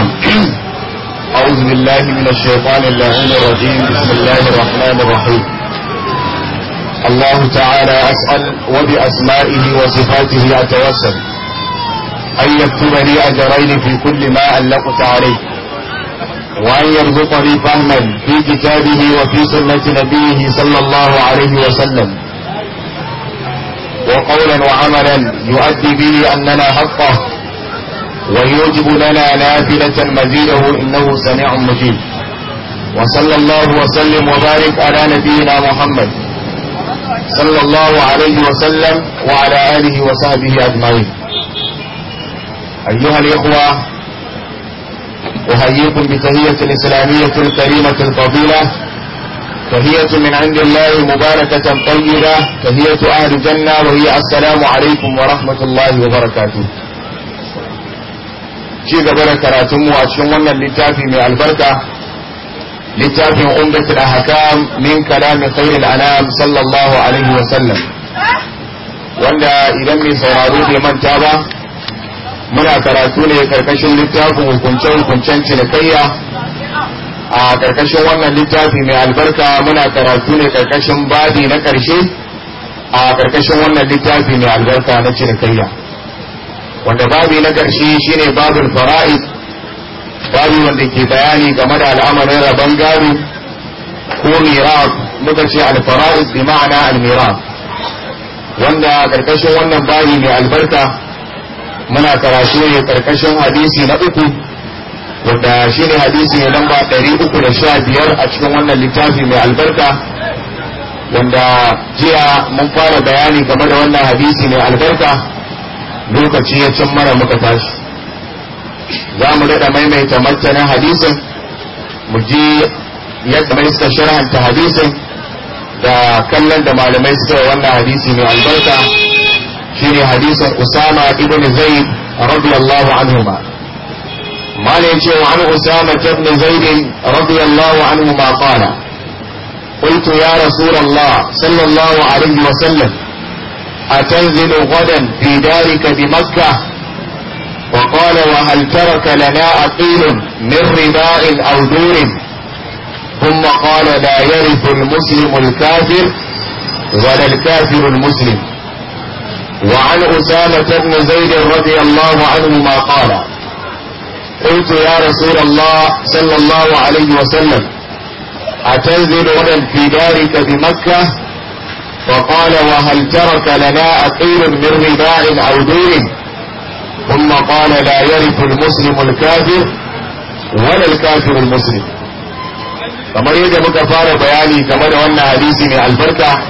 نعم أعوذ بالله من الشيطان اللعين الرجيم بسم الله الرحمن الرحيم الله تعالى أسأل وبأسمائه وصفاته أتوسل أن يكتب لي أجرين في كل ما علقت عليه وأن يرزقني فهما في كتابه وفي سنة نبيه صلى الله عليه وسلم وقولا وعملا يؤدي به أننا حقه ويوجب لنا نافلة مزيده إنه سميع مجيب وصلى الله وسلم وبارك على نبينا محمد صلى الله عليه وسلم وعلى آله وصحبه أجمعين أيها الإخوة أحييكم بتهية الإسلامية الكريمة الفضيلة تهية من عند الله مباركة طيبة تهية أهل الجنة وهي السلام عليكم ورحمة الله وبركاته ci gaba da karatunmu a cikin wannan littafi mai albarka littafin umdatul ahkam min kalami khairil anam sallallahu alaihi wa sallam wanda idan mai sauraro bai manta ba muna karatu ne karkashin littafin hukuncen hukuncen cinikayya a karkashin wannan littafi mai albarka muna karatu ne karkashin babi na karshe a karkashin wannan littafi mai albarka na cinikayya wanda babi na ƙarshe shine babul fara'id babi wanda ke bayani game da al'amarin rabon gado ko miraf muka ce al-fara'id bi ma'ana al-miraf wanda karkashin wannan babi mai albarka muna karashe ne karkashin hadisi na uku wanda shine hadisi ne lamba biyar a cikin wannan littafi mai albarka wanda jiya mun fara bayani game da wannan hadisi mai albarka lokaci ya cin mara muka tashi za mu daɗa maimaita martanin hadisin mu ji yadda mai suka sharhanta hadisin da kallon da malamai suka wannan hadisi mai albarka shine hadisin usama ibn zaid radiyallahu anhuma malai ce wa an usama ibn zaid radiyallahu anhuma qala قلت يا رسول الله صلى الله عليه وسلم أتنزل غدا في دارك بمكة وقال وهل ترك لنا أقيل من رباء أو دور ثم قال لا يرث المسلم الكافر ولا الكافر المسلم وعن أسامة بن زيد رضي الله عنهما قال قلت يا رسول الله صلى الله عليه وسلم أتنزل غدا في دارك بمكة فقال وهل ترك لنا أقيل من رباع أو دين ثم قال لا يرف المسلم الكافر ولا الكافر المسلم كما يجب كفار بياني كما لأن حديث من الفركة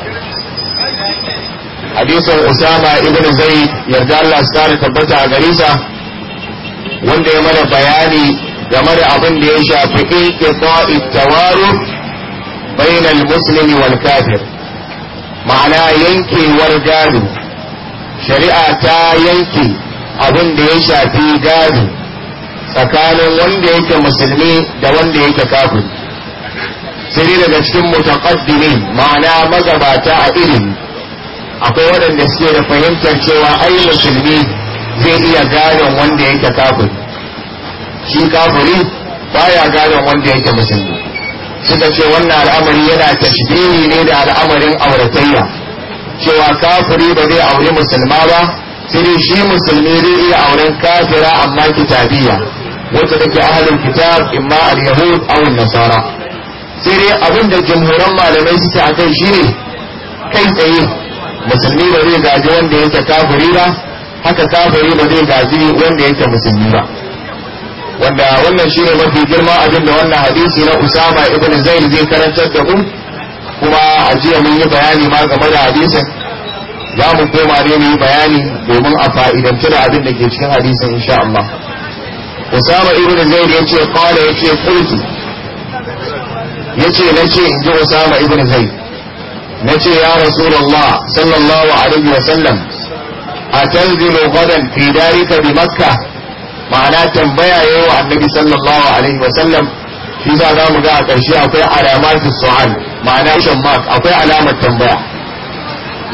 حديث أسامة ابن زيد يرجع الله سالة البتع غريسة وان دي مرة بياني جمرة أظن ليشا في إيقاء التوارث بين المسلم والكافر ma'ana yankewar gado shari'a ta yanke abin da ya shafi gado tsakanin wanda yake musulmi da wanda yake kafin sai daga cikin mutaqaddimi ma'ana magabata a irin akwai waɗanda suke da fahimtar cewa ai musulmi zai iya gadon wanda yake kafin shi kafiri baya gadon wanda yake musulmi suka ce wannan al'amari yana tashbihi ne da al'amarin auratayya cewa kafiri ba zai auri musulma ba sai dai shi musulmi zai iya auren kafira amma kitabiyya wacce take ahalin kitab imma al-yahud aw nasara sai dai abin da jumhuran malamai suke akai shine kai tsaye musulmi ba zai gaji wanda yake kafiri ba haka kafiri ba zai gaji wanda yake musulmi ba wanda wannan shi ne mafi girma abin da wannan hadisi na Usama ibn Zaid zai karantar da mu kuma a jiya mun yi bayani ma game da hadisin za mu koma ne mu yi bayani domin a fa'idanci da abin da ke cikin hadisin insha Allah Usama ibn Zaid yace qala yace qultu yace nace in ji Usama ibn Zaid nace ya Rasulullah sallallahu alaihi wa sallam atanzilu ghadan fi darika bi Makkah ma'ana tambaya yayi wa annabi sallallahu alaihi wasallam shi za za mu ga a ƙarshe akwai su su'al ma'ana shan mark akwai alamar tambaya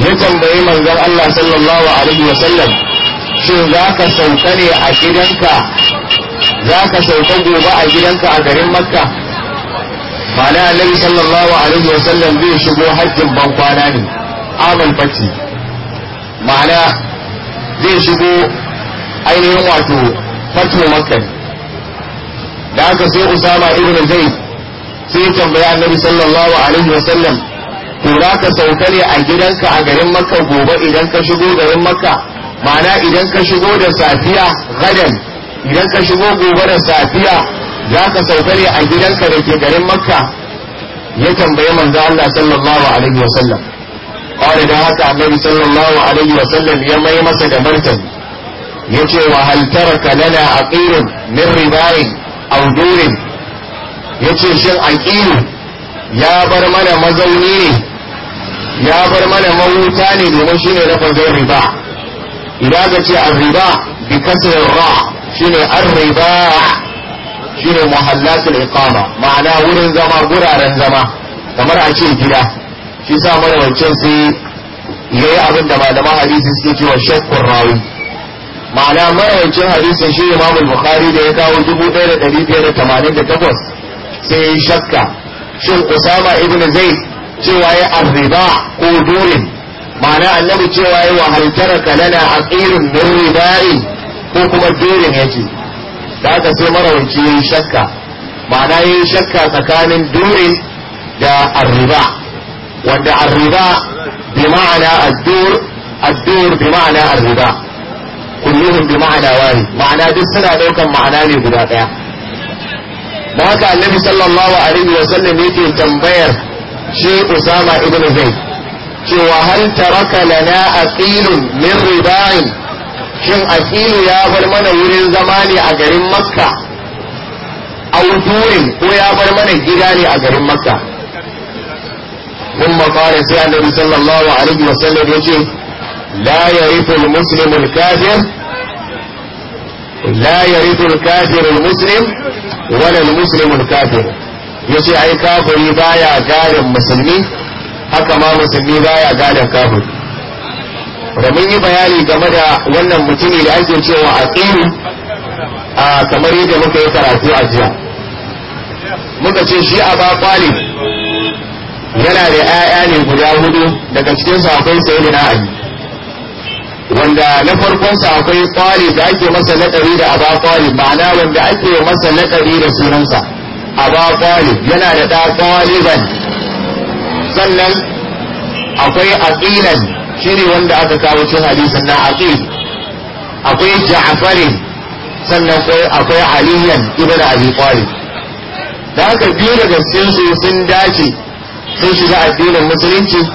ya tambayi manzon Allah sallallahu alaihi wasallam shin za ka sauka ne a gidanka za ka sauka gobe a gidanka a garin makka ma'ana annabi sallallahu alaihi wasallam zai shigo hajjin ban kwana ne amal fati ma'ana zai shigo ainihin wato fatul makka da haka sai usama ibn zaid sai ya tambaya annabi sallallahu alaihi sallam to za ka sauka ne a gidanka a garin makka gobe idan ka shigo garin makka ma'ana idan ka shigo da safiya gadan idan ka shigo gobe da safiya za ka sauka ne a gidanka da ke garin makka ya tambaye manzo Allah sallallahu alaihi sallam قال da haka النبي صلى الله عليه وسلم يا مي مسا da martani yace wa hal taraka lana aqirun min ribain aw durin yace shin aqiru ya bar mana mazauni ne ya bar mana mawuta ne domin shine zai riba idan ka ce riba bi kasr ra shine ar-riba shine muhallatul iqama ma'ana wurin zama guraren zama kamar a ce gida shi sa mana wancan sai yayi abin da malaman hadisi suke cewa shakkun rawi ma'ana marawancin hadisin shi imam bukhari da ya kawo 1588 sai ya yi shakka shin usama ibn zai cewa ya arriba ko durin ma'ana annabi cewa ya wahaltara kalana a tsirin min ribai ko kuma dorin yake da haka sai marawanci ya yi shakka ma'ana ya yi shakka tsakanin durin da arriba wanda arriba bi ma'ana addur addur bi ma'ana arriba kulluhum bi ma'ana wari ma'ana duk suna daukan ma'ana ne guda daya da haka annabi sallallahu alaihi wa sallam yake tambayar shi usama ibn zaid cewa hal taraka lana aqilun min riba'in shin aqilu ya bar mana wurin zama ne a garin makka audurin ko ya bar mana gida ne a garin makka ثم قال sai annabi sallallahu alaihi عليه وسلم يقول لا يرث المسلم الكافر لا يرث الكافر المسلم ولا المسلم الكافر yace ai kafiri baya gadon musulmi haka ma musulmi baya gadon kafiri da mun yi bayani game da wannan mutumi da ake cewa a tsiri a kamar yadda muka yi karatu a jiya muka ce shi a ba kwali yana da 'ya'ya ne guda hudu daga cikin akwai sayi na ali wanda na farkonsa akwai kwari da ake masa laƙari da aba kwari ma'ana wanda ake masa laƙari da sunansa aba kwari yana da ɗa ban sannan akwai aqilan shine wanda aka kawo cin hadisin na aqil akwai ja'farin sannan akwai aliyan ibn abi kwari da haka biyu daga cikin su sun dace sun shiga addinin musulunci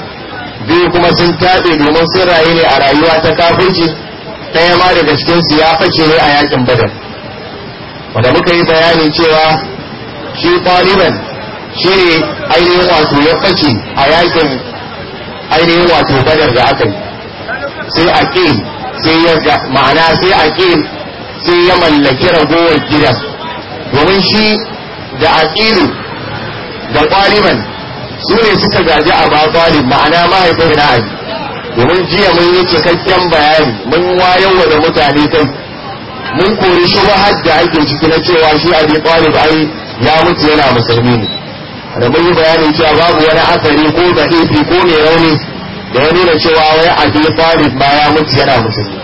biyu kuma sun taɓe domin sun rayu ne a rayuwa ta kafirci ɗaya ma daga cikinsu ya fake ne a yakin badar wanda muka yi bayanin cewa shi taliban shi ne ainihin wato ya fake a yakin ainihin wato badar da aka yi sai a ƙi sai ya ma'ana sai a ƙi sai ya mallaki ragowar gidan domin shi da aƙilu da ƙwaliban su ne suka gaji a babalin ma'ana mahaifin na abi domin jiya mun yi cikakken bayani mun wayan wa da mutane kai mun kori shubahar da ake ciki na cewa shi abi talib ai ya mutu yana musulmi ne da mun yi bayanin cewa babu wani asari ko da ifi ko mai rauni da wani nuna cewa wai abi talib ba ya mutu yana musulmi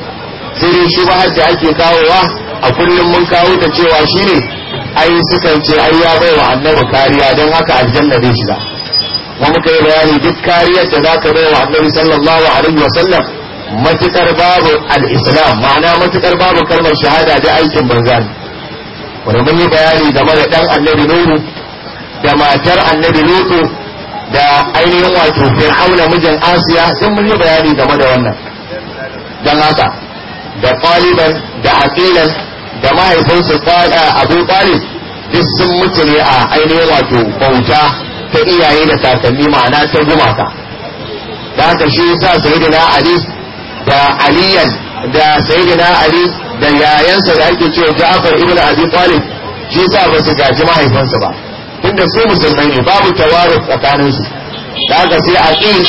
sai dai shubahar da ake kawowa a kullum mun kawo ta cewa shine ai sukan ce ai ya bai wa annabi kariya don haka aljanna zai shiga mu muka yi bayani duk kariyar da za ka bai wa annabi sallallahu alaihi wa sallam matukar babu al-islam ma'ana matukar babu kalmar shahada da aikin banza wanda mun yi bayani game da dan annabi nuhu da matar annabi lutu da ainihin wato fir'auna mijin asiya sun mun yi bayani game da wannan dan haka da ƙaliban da aqilan da mahaifinsu abu ƙalib duk sun mutu ne a ainihin wato bauta ta iyaye da takalmi ma'ana ta gumaka da haka shi yasa sayyidina ali da aliyan da sayyidina ali da yayansa da ake cewa Ja'far ibn Abi Talib shi yasa ba su gaji mahaifansa ba tunda su musulmai ne babu tawaruf tsakanin su da haka sai Aqil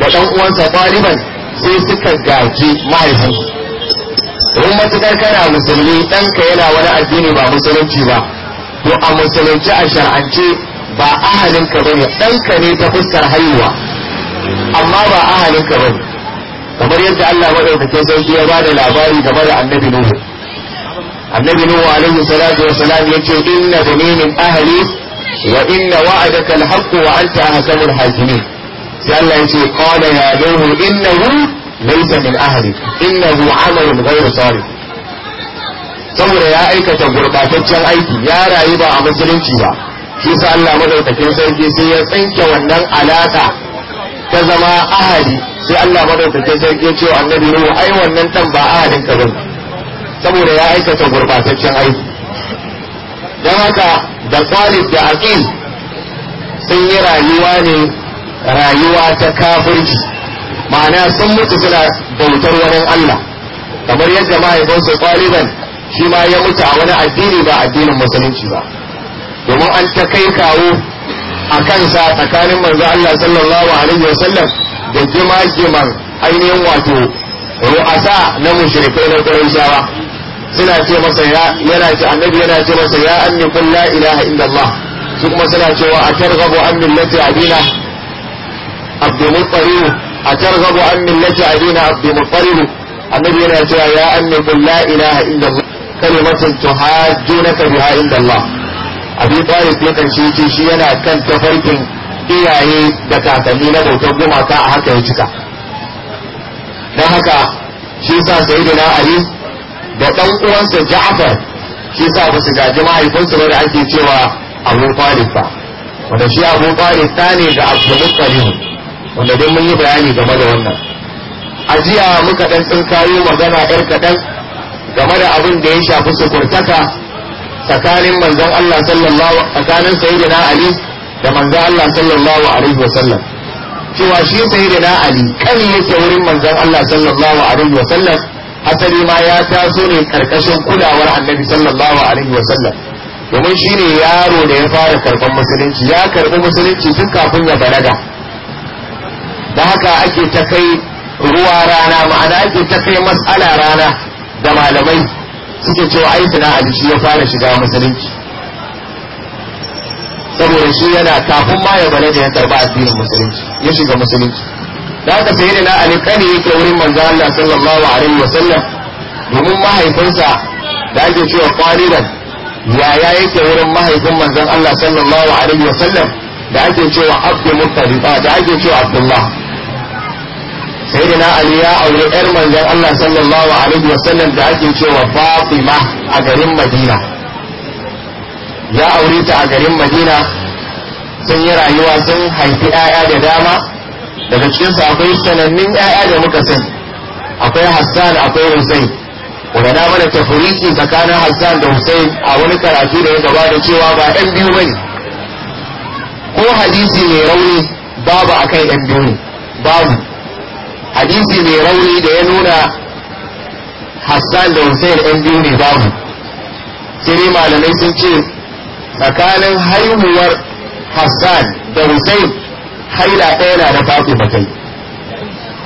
da dan uwansa Taliban sai suka gaji mahaifansu don matukar kana musulmi ɗanka yana wani addini ba musulunci ba to a musulunci a shar'ance ba ahalinka bane ɗanka ne ta fuskar haihuwa amma ba ahalinka bane kamar yadda Allah madaukakin sarki ya bada labari game da annabi Nuhu annabi Nuhu alaihi salatu wa salam yace inna bani min ahli wa inna wa'adaka al-haqqu wa anta ahkamul hakimin sai Allah yace qala ya Nuhu innahu laysa min ahli innahu 'amalun ghayru salih saboda ya aikata gurbataccen aiki ya rayu ba a musulunci ba shi sa Allah madaukakin sarki sai ya tsinke wannan alaka ta zama ahadi sai Allah madaukakin sarki ya ce wa annabi ruhu ai wannan dan ba ahadin ka bane saboda ya aikata gurbataccen aiki Dan haka da Khalid da Aqil sun yi rayuwa ne rayuwa ta kafirci ma'ana sun mutu suna bautar wani Allah kamar yadda mahaifinsu Khalidan shi ma ya mutu a wani addini ba addinin musulunci ba domin an ta kai kawo a kansa tsakanin manzo Allah sallallahu alaihi wasallam da jima-jiman ainihin wato ru'asa na mushrikai na Qurayshawa suna ce masa ya yana ce annabi yana ce masa ya anni qul la ilaha illallah su kuma suna cewa a targhabu an millati abina abdul muttalib a targhabu an millati abina abdul muttalib annabi yana cewa ya anni qul la ilaha illallah kalimatu tuhajjunaka biha indallah abi talib ya karshe ce shi yana kan tafarkin iyaye da kakanni na bautar gumaka a haka ya cika don haka shi sa da ali da ɗan uwansa ja'far shi sa ba su gaji mahaifinsu ba da ake cewa abu talib ba wanda shi abu talib ta ne ga abdul wanda dai mun yi bayani game da wannan a jiya muka ɗan tsinkayo magana yar kaɗan game da abin da ya shafi sukurtaka tsakanin manzon Allah sallallahu tsakanin sayyidina Ali da manzon Allah sallallahu alaihi wasallam cewa shi sayyidina Ali kan yake wurin manzon Allah sallallahu alaihi wasallam asali ma ya taso ne karkashin kulawar annabi sallallahu alaihi wasallam domin shi ne yaro da ya fara karban musulunci ya karbi musulunci tun kafin ya balaga da haka ake ta kai ruwa rana ma'ana ake ta kai mas'ala rana da malamai suke cewa ai sana'ar shi ya fara shiga musulunci saboda shi yana kafin ma ya bane da ya karba addinin musulunci ya shiga musulunci da haka sai da na alikani yake wurin manzo Allah sallallahu alaihi wa sallam domin mahaifinsa da ake cewa qalilan ya yake wurin mahaifin manzon Allah sallallahu alaihi wa sallam da ake cewa Abdul Muttalib da ake cewa Abdullah sayyidina ali ya aure yar manzon Allah sallallahu alaihi wasallam da ake cewa Fatima a garin Madina ya aure ta a garin Madina sun yi rayuwa sun haifi 'ya'ya da dama daga cikinsu akwai sanannun 'ya'ya da muka san. akwai Hassan akwai Hussein wadana mana tafuriki tsakanin Hassan da husain a wani karatu da ya gabata cewa ba ɗan biyu bane ko hadisi mai rauni babu akan ɗan biyu babu hadisi mai rauni da ya nuna hassan da hussein yan biyu ne babu sai malamai sun ce tsakanin haihuwar hassan da hussein haila ɗaya na da fafi ba kai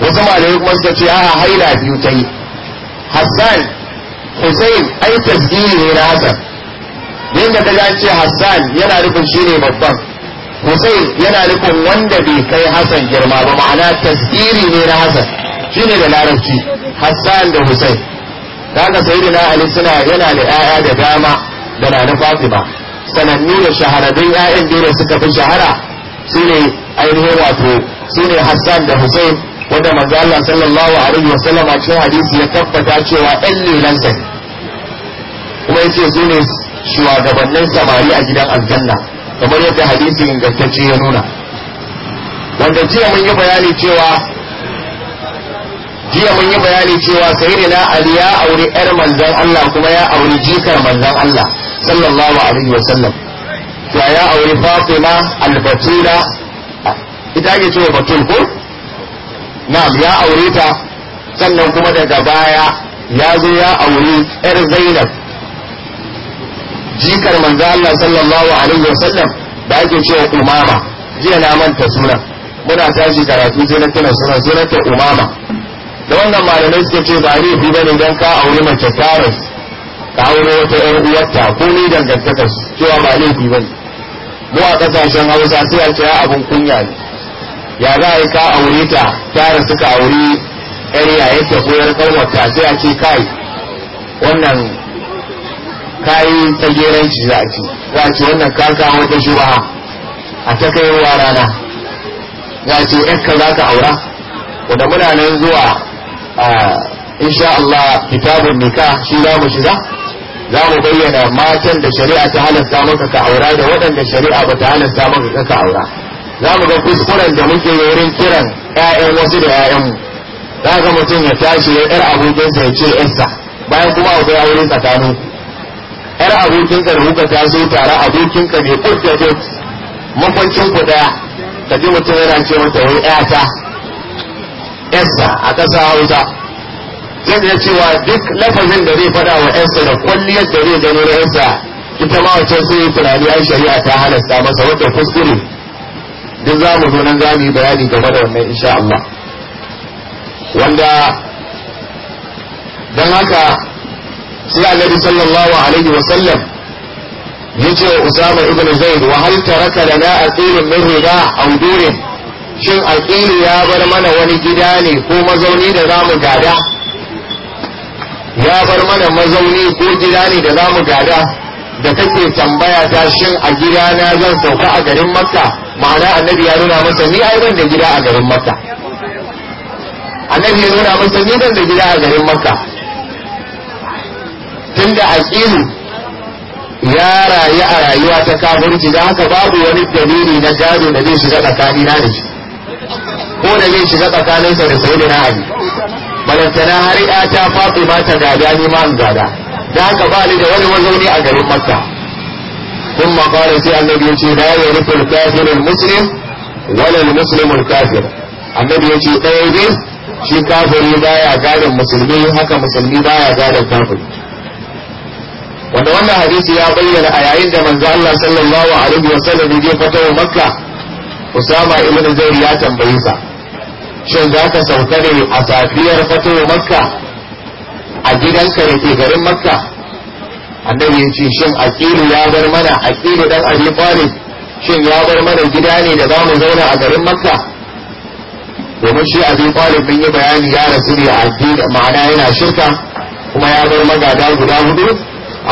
wasu malamai kuma suka ce a haila biyu ta yi hassan hussein ai tasgiri ne na Hassan. yadda ta ce hassan yana nufin shi ne babban Hussein yana nufin wanda bai kai Hassan girma ba ma'ana tasiri ne na Hassan shine da larabci Hassan da Hussein kaga sayyidina Ali suna yana da ƴaƴa da dama da na Fatima sanannu da shahararrun ƴaƴan da suka fi shahara sune ainihin wato sune Hassan da Hussein wanda manzo Allah sallallahu alaihi wasallam a cikin hadisi ya tabbata cewa ɗan lelansa ne kuma yace sune shugabannin samari a gidan aljanna kamar yadda hadisi ingantacce ya nuna wanda jiya mun yi bayani cewa jiya mun yi bayani cewa sayyidina ali ya auri yar manzan Allah kuma ya auri jikar manzan Allah sallallahu alaihi wa sallam ya ya auri Fatima al-Batula ita ake cewa Batul ko na'am ya aure ta sannan kuma daga baya ya zo ya auri yar Zainab jikar manzo Allah sallallahu alaihi wasallam da ake cewa umama jiya na manta sunan muna tashi karatu sai na tuna sunan sunan ta umama da wannan malamai suka ce ba laifi bane dan ka aure mace taras ka aure wata 'yan uwarta ko ni dangantakar cewa ba laifi bane mu a kasashen Hausa sai a cewa abun kunya ne ya za a yi ka aure ta tara suka aure ƴar ta koyar kalmar ta sai a ce kai wannan kayi tsageranci za a ce za a wannan ka kawo wata shubaha a ta kai wa rana za a ce iska za ka aura wanda muna nan zuwa a insha Allah kitabun nika shi za mu shiga za mu bayyana matan da shari'a ta halasta maka ka aura da waɗanda shari'a ba ta halasta maka ka aura za mu ga kuskuren da muke wurin kiran 'ya'yan wasu da 'ya'yanmu za ga mutum ya tashi ya 'yar abokinsa ya ce 'yarsa bayan kuma akwai aure tsakanin yar abokinka da kuka taso tare ka bai kuka ce makwancin ku daya ka ji mutum yana ce mata wai ƴata ƴarsa a ƙasa hausa zai iya cewa duk lafazin da zai faɗa wa ƴarsa da kwalliyar da zai gano na ƴarsa ita ma wacce sun yi tunani an shari'a ta halasta masa wadda kuskure duk za mu zo nan za mu yi bayani game da wannan insha Allah wanda don haka sai annabi sallallahu alaihi wa sallam ce wa usama ibn zaid wa hal taraka lana aqilun min riga aw durin shin aqilu ya bar mana wani gida ne ko mazauni da zamu gada ya bar mana mazauni ko gida ne da zamu gada da kake tambaya ta shin a gida na zan sauka a garin makka ma'ana annabi ya nuna masa ni ai ban da gida a garin makka annabi ya nuna masa ni ban da gida a garin makka da aqilu ya rayu a rayuwa ta kafirci da haka babu wani dalili na gado da zai shiga tsakani na da shi ko da zai shiga tsakanin sa da sai na ali balantana har ya ta faɗi ba ta gada ni ma gada da haka ba ni da wani mazauni a garin makka ثم قال ce da ya rufe يرث muslim wala ولا kafir annabi ya ce ɗaya biyu shi kafiri baya gadon musulmi haka musulmi baya gadon kafiri wanda wannan hadisi ya bayyana a yayin da manzo Allah sallallahu alaihi wa sallam ya fito Makka Usama ibn Zayd ya tambaye sa shin za ka sauka ne a safiyar fito Makka a gidanka da ke garin Makka annabi ya ce shin aqilu ya bar mana aqilu dan Abi Talib shin ya bar mana gida ne da za mu zauna a garin Makka domin shi Abi Talib bin yi bayani ya rasu ne a addini ma'ana yana shirka kuma ya bar magada guda hudu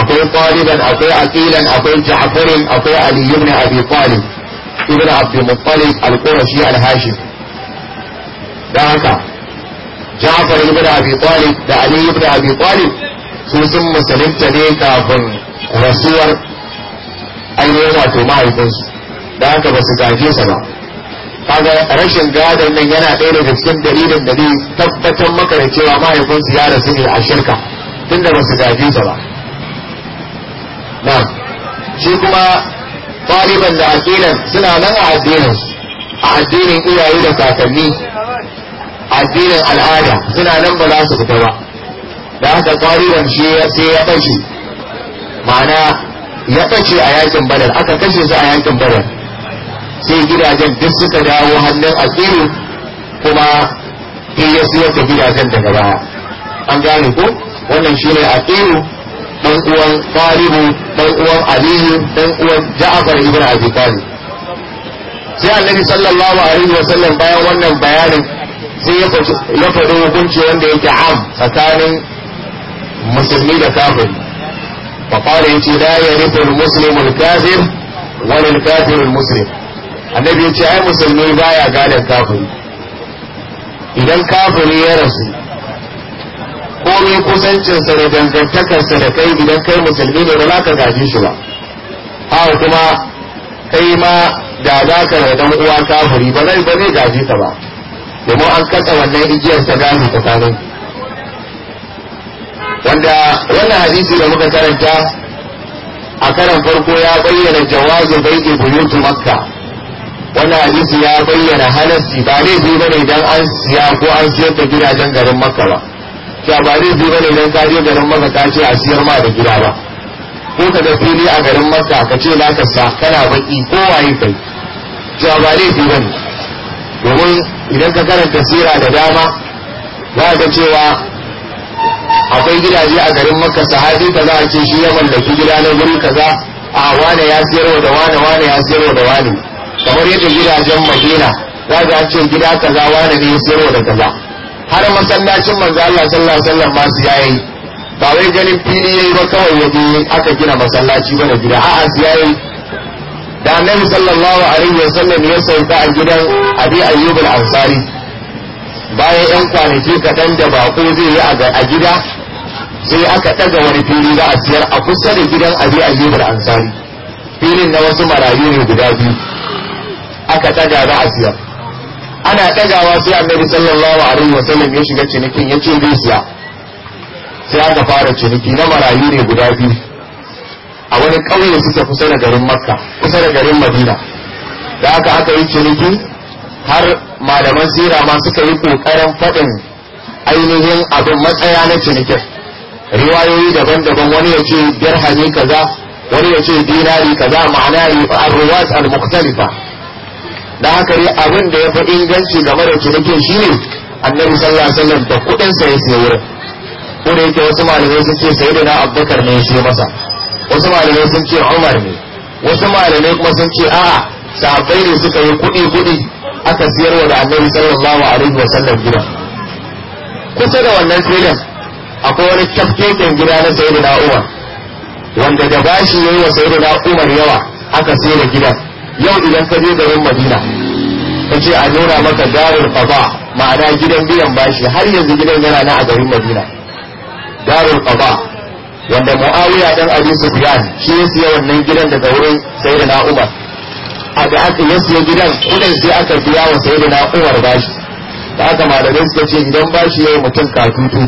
akwai taliban akwai aqilan akwai ja'farin akwai ali ibn abi talib ibn abd muttalib al-qurashi al-hashim Da haka ja'far ibn abi talib da ali ibn abi talib su sun musulunta ne kafin rasuwar ainihin wato mahaifinsu da haka ba su gaje sa ba kaga rashin gadon nan yana ɗaya daga cikin dalilin da zai tabbatar maka da cewa mahaifinsu ya rasu ne a shirka tunda ba su gaje sa ba na shi kuma ɗaliban da addinin suna nan a addinin a addinin iyaye da kakanni addinin al'ada suna nan ba za su fita ba da haka ƙwariran shi ya sai ya ɓace ma'ana ya ɓace a yakin badar aka kashe su a yakin badar sai gidajen duk suka dawo hannun asiru kuma in ya siyar da gidajen daga baya an gane ko wannan shi ne asiru dan uwan Talibu dan uwan Aliyu dan uwan Ja'far ibn Abi Talib sai annabi sallallahu alaihi wasallam bayan wannan bayanin sai ya faɗi hukunci wanda yake am tsakanin musulmi da kafir fa qala yace la yarithu al-muslimu al-kafir wa al-kafir al-muslim annabi yace ai musulmi baya ganin kafiri idan kafiri ya rasu komai kusancinsa da dangantakarsa da kai idan kai musulmi ne ba za ka gaji shi ba haka kuma kai ma da za ka da dan uwa kafiri ba zai ba zai gaji ka ba domin an kasa wannan igiyar ta gani tsakanin wanda wannan hadisi da muka karanta a karan farko ya bayyana jawazin baiti buyutu makka wannan hadisi ya bayyana halarci ba laifi bane idan an siya ko an siyar da gidajen garin makka ba cewa ba bane dan ka garin maka kashi ce a siyar ma da gida ba ko ka ga fili a garin maka ka ce na ka sa kana baki ko waye kai cewa ba bane domin idan ka karanta sira da dama za ka cewa akwai gidaje a garin maka sahabi ka za a ce shi ya mallaki gida na guri kaza a wane ya siyarwa da wane wane ya siyarwa da wane kamar yadda gidajen madina za ka ce gida kaza wane ne ya siyarwa da kaza har masallacin manzo Allah sallallahu alaihi wasallam ma su yayi ba wai ganin fili yayi ba kawai yaje aka gina masallaci bane gida a'a a yayi da annabi sallallahu alaihi wasallam ya sauka a gidan Abi Ayyub al-Ansari bayan yan kwanaki kaɗan da bako zai yi a gida sai aka ɗaga wani fili za a siyar a kusa da gidan Abi Ayyub al-Ansari filin na wasu marayu ne guda biyu aka ɗaga za a ana ɗagawa sai annabi sallallahu alaihi wasallam ya shiga cinikin ya ce zai siya sai aka fara ciniki na marayu ne guda biyu a wani ƙauye suke kusa da garin makka kusa da garin madina da aka aka yi ciniki har malaman sira ma suka yi ƙoƙarin faɗin ainihin abin matsaya na cinikin riwayoyi daban-daban wani ya ce kaza wani ya ce dinari kaza ma'ana ruwat al-mukhtalifa da haka ne abin da ya fi inganci game da cinikin shi ne annabi sallallahu alaihi wasallam da kuɗin sa ya sayi wurin ko da yake wasu malamai sun ce sai da na abubakar ne ya sayi masa wasu malamai sun ce umar ne wasu malamai kuma sun ce a'a sahabbai ne suka yi kuɗi kuɗi aka wa da annabi sallallahu alaihi wasallam gida kusa da wannan filin akwai wani tafkeken gida na sayyidina umar wanda da bashi yi wa sayyidina umar yawa aka sayar da gidan yau idan ka je garin madina ka ce a nuna maka garin faba ma'ana gidan biyan bashi har yanzu gidan yana na a garin madina garin faba wanda mu'awiya dan abi sufyan shi ya siya wannan gidan daga wurin sayyidina umar a da aka ya siya gidan kudin sai aka biya wa sayyidina umar bashi da aka malamai suka ce idan bashi yau mutum katutu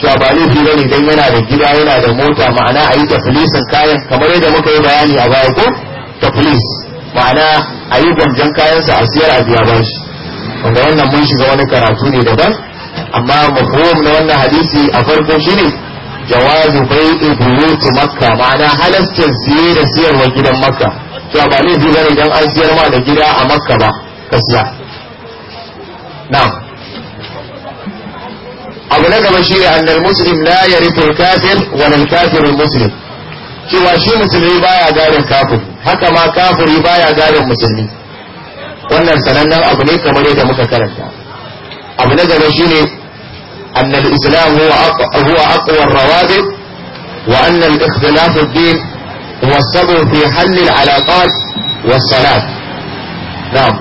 cewa ba ne bane idan yana da gida yana da mota ma'ana a yi tafilisin kayan kamar yadda muka yi bayani a baya ko tafilis ma'ana a yi gwamjan kayansa a siyar a biya bashi wanda wannan mun shiga wani karatu ne daban amma mafhum na wannan hadisi a farko shine jawazu bai buyuti makka ma'ana halastar siye da siyarwa gidan makka to ba laifi bane idan an siyar ma da gida a makka ba ka siya na'am abu na gaba shine annal muslim la yarithu al-kafir wa al-kafir al-muslim cewa shi musulmi baya gadon kafir haka ma kafuri baya gane musulmi wannan sanannen abu ne kamar da muka karanta abu na gaba shine annal islam huwa aqwar rawabit wa annal ikhtilaf ad-din huwa sabab fi hal al-alaqat wa salat na'am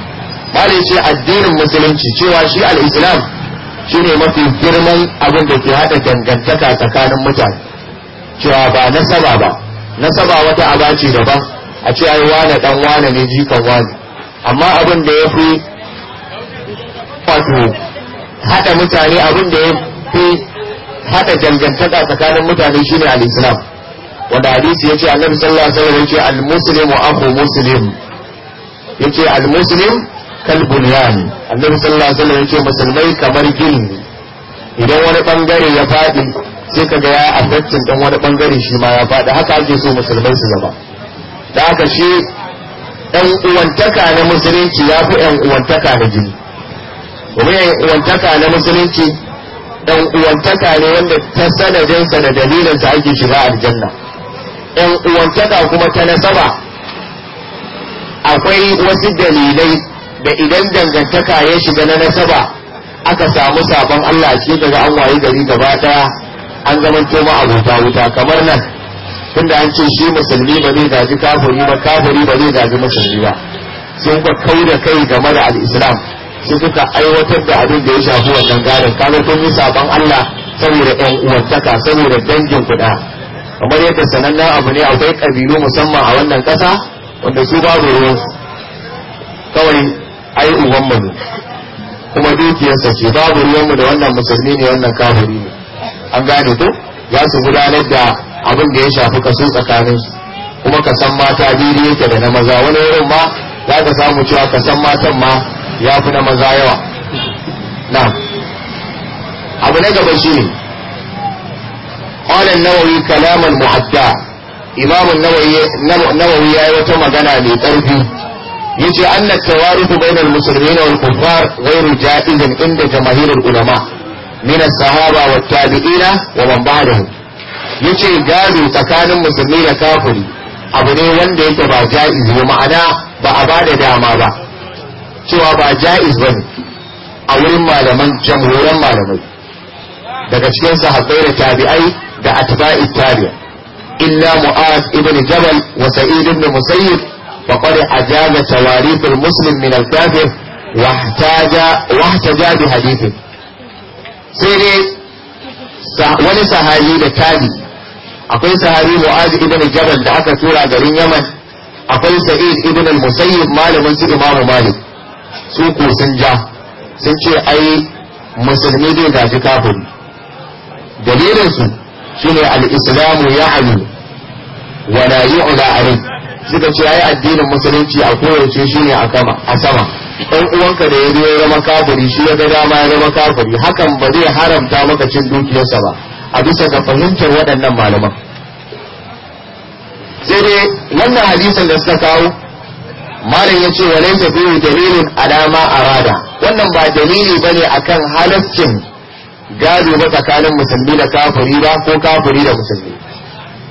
bale shi addinin musulunci cewa shi al'islam islam shine mafi girman abin da ke hada dangantaka tsakanin mutane cewa ba nasaba ba nasaba wata aba ce daban a ce ai wane dan wane ne jikan wane amma abin da ya fi wato hada mutane abin da ya fi hada dangantaka tsakanin mutane shine al-islam wanda hadisi yace annabi sallallahu alaihi wasallam yace al-muslim wa akhu muslim yace al-muslim kal bunyan annabi sallallahu alaihi wasallam yace musulmai kamar gini idan wani bangare ya fadi sai kaga ya affectin dan wani bangare shi ma ya fadi haka ake so musulmai su zama da aka shi ɗan uwantaka na musulunci ya fi ɗan uwantaka na jini domin ɗan uwantaka na musulunci ɗan uwantaka ne wanda ta sanadinsa da dalilinsa ake shiga aljanna ɗan uwantaka kuma ta nasaba akwai wasu dalilai da idan dangantaka ya shiga na nasaba aka samu sabon Allah ce daga an wayi gari gaba ɗaya an zamanto ma abota wuta kamar nan tunda an ce shi musulmi ba zai gaji kafiri ba kafiri ba zai gaji musulmi ba sun ka kai da kai game da al'islam sai suka aiwatar da abin da ya shafi wannan gadon kaga kun yi saban Allah saboda ɗan uwantaka saboda dangin kuɗa kamar yadda sanannen abu ne akwai ƙabilu musamman a wannan ƙasa wanda su babu ruwan kawai ai uban ne kuma dukiyarsa ce babu ruwanmu da wannan musulmi ne wannan kafiri ne an gane ko za su gudanar da abin da ya shafi kaso tsakanin su kuma ka san mata daidai yake da na maza wani wurin ma za ka samu cewa ka san matan ma ya fi na maza yawa na abu na gaba shi ne ƙwanan nawawi kalaman muhadda imamun nawawi ya yi wata magana mai ƙarfi ya ce an na tawarufu bai bainar musulmi na walƙufar wairu ja'izin inda jama'ir ulama min sahaba wa tabi'ina wa man ba'dahu yace gado tsakanin musulmi da kafiri abu ne wanda yake ba ja'iz ne ma'ana ba a ba da dama ba cewa ba ja'iz bane a wurin malaman jamhuran malamai daga cikin sahabbai da tabi'ai da atba'i tabi'a illa mu'az ibn jabal wa sa'id ibn musayyib faqad ajaza tawarith al-muslim min al-kafir wa wahtaja bi hadithin sai dai wani sahari da tabi akwai sahari mu'az ibn jabal da aka tura garin yaman akwai sa'id ibn al-musayyib malamin su imamu malik su ko sun ja sun ce ai musulmi zai gaji kafiri dalilin su shine al-islamu ya'ni wa la yu'la alayh suka ce ai addinin musulunci a koyaushe shine a sama Ɗan uwanka da ya zo ya zama kafiri shi ya ga dama ya zama kafiri hakan ba zai haramta maka cin dukiyarsa ba a bisa ga fahimtar waɗannan malaman sai dai wannan hadisin da suka kawo malam ya ce wa laysa fihi dalilin alama a arada wannan ba dalili bane akan halaccin gado ba tsakanin musulmi da kafiri ba ko kafiri da musulmi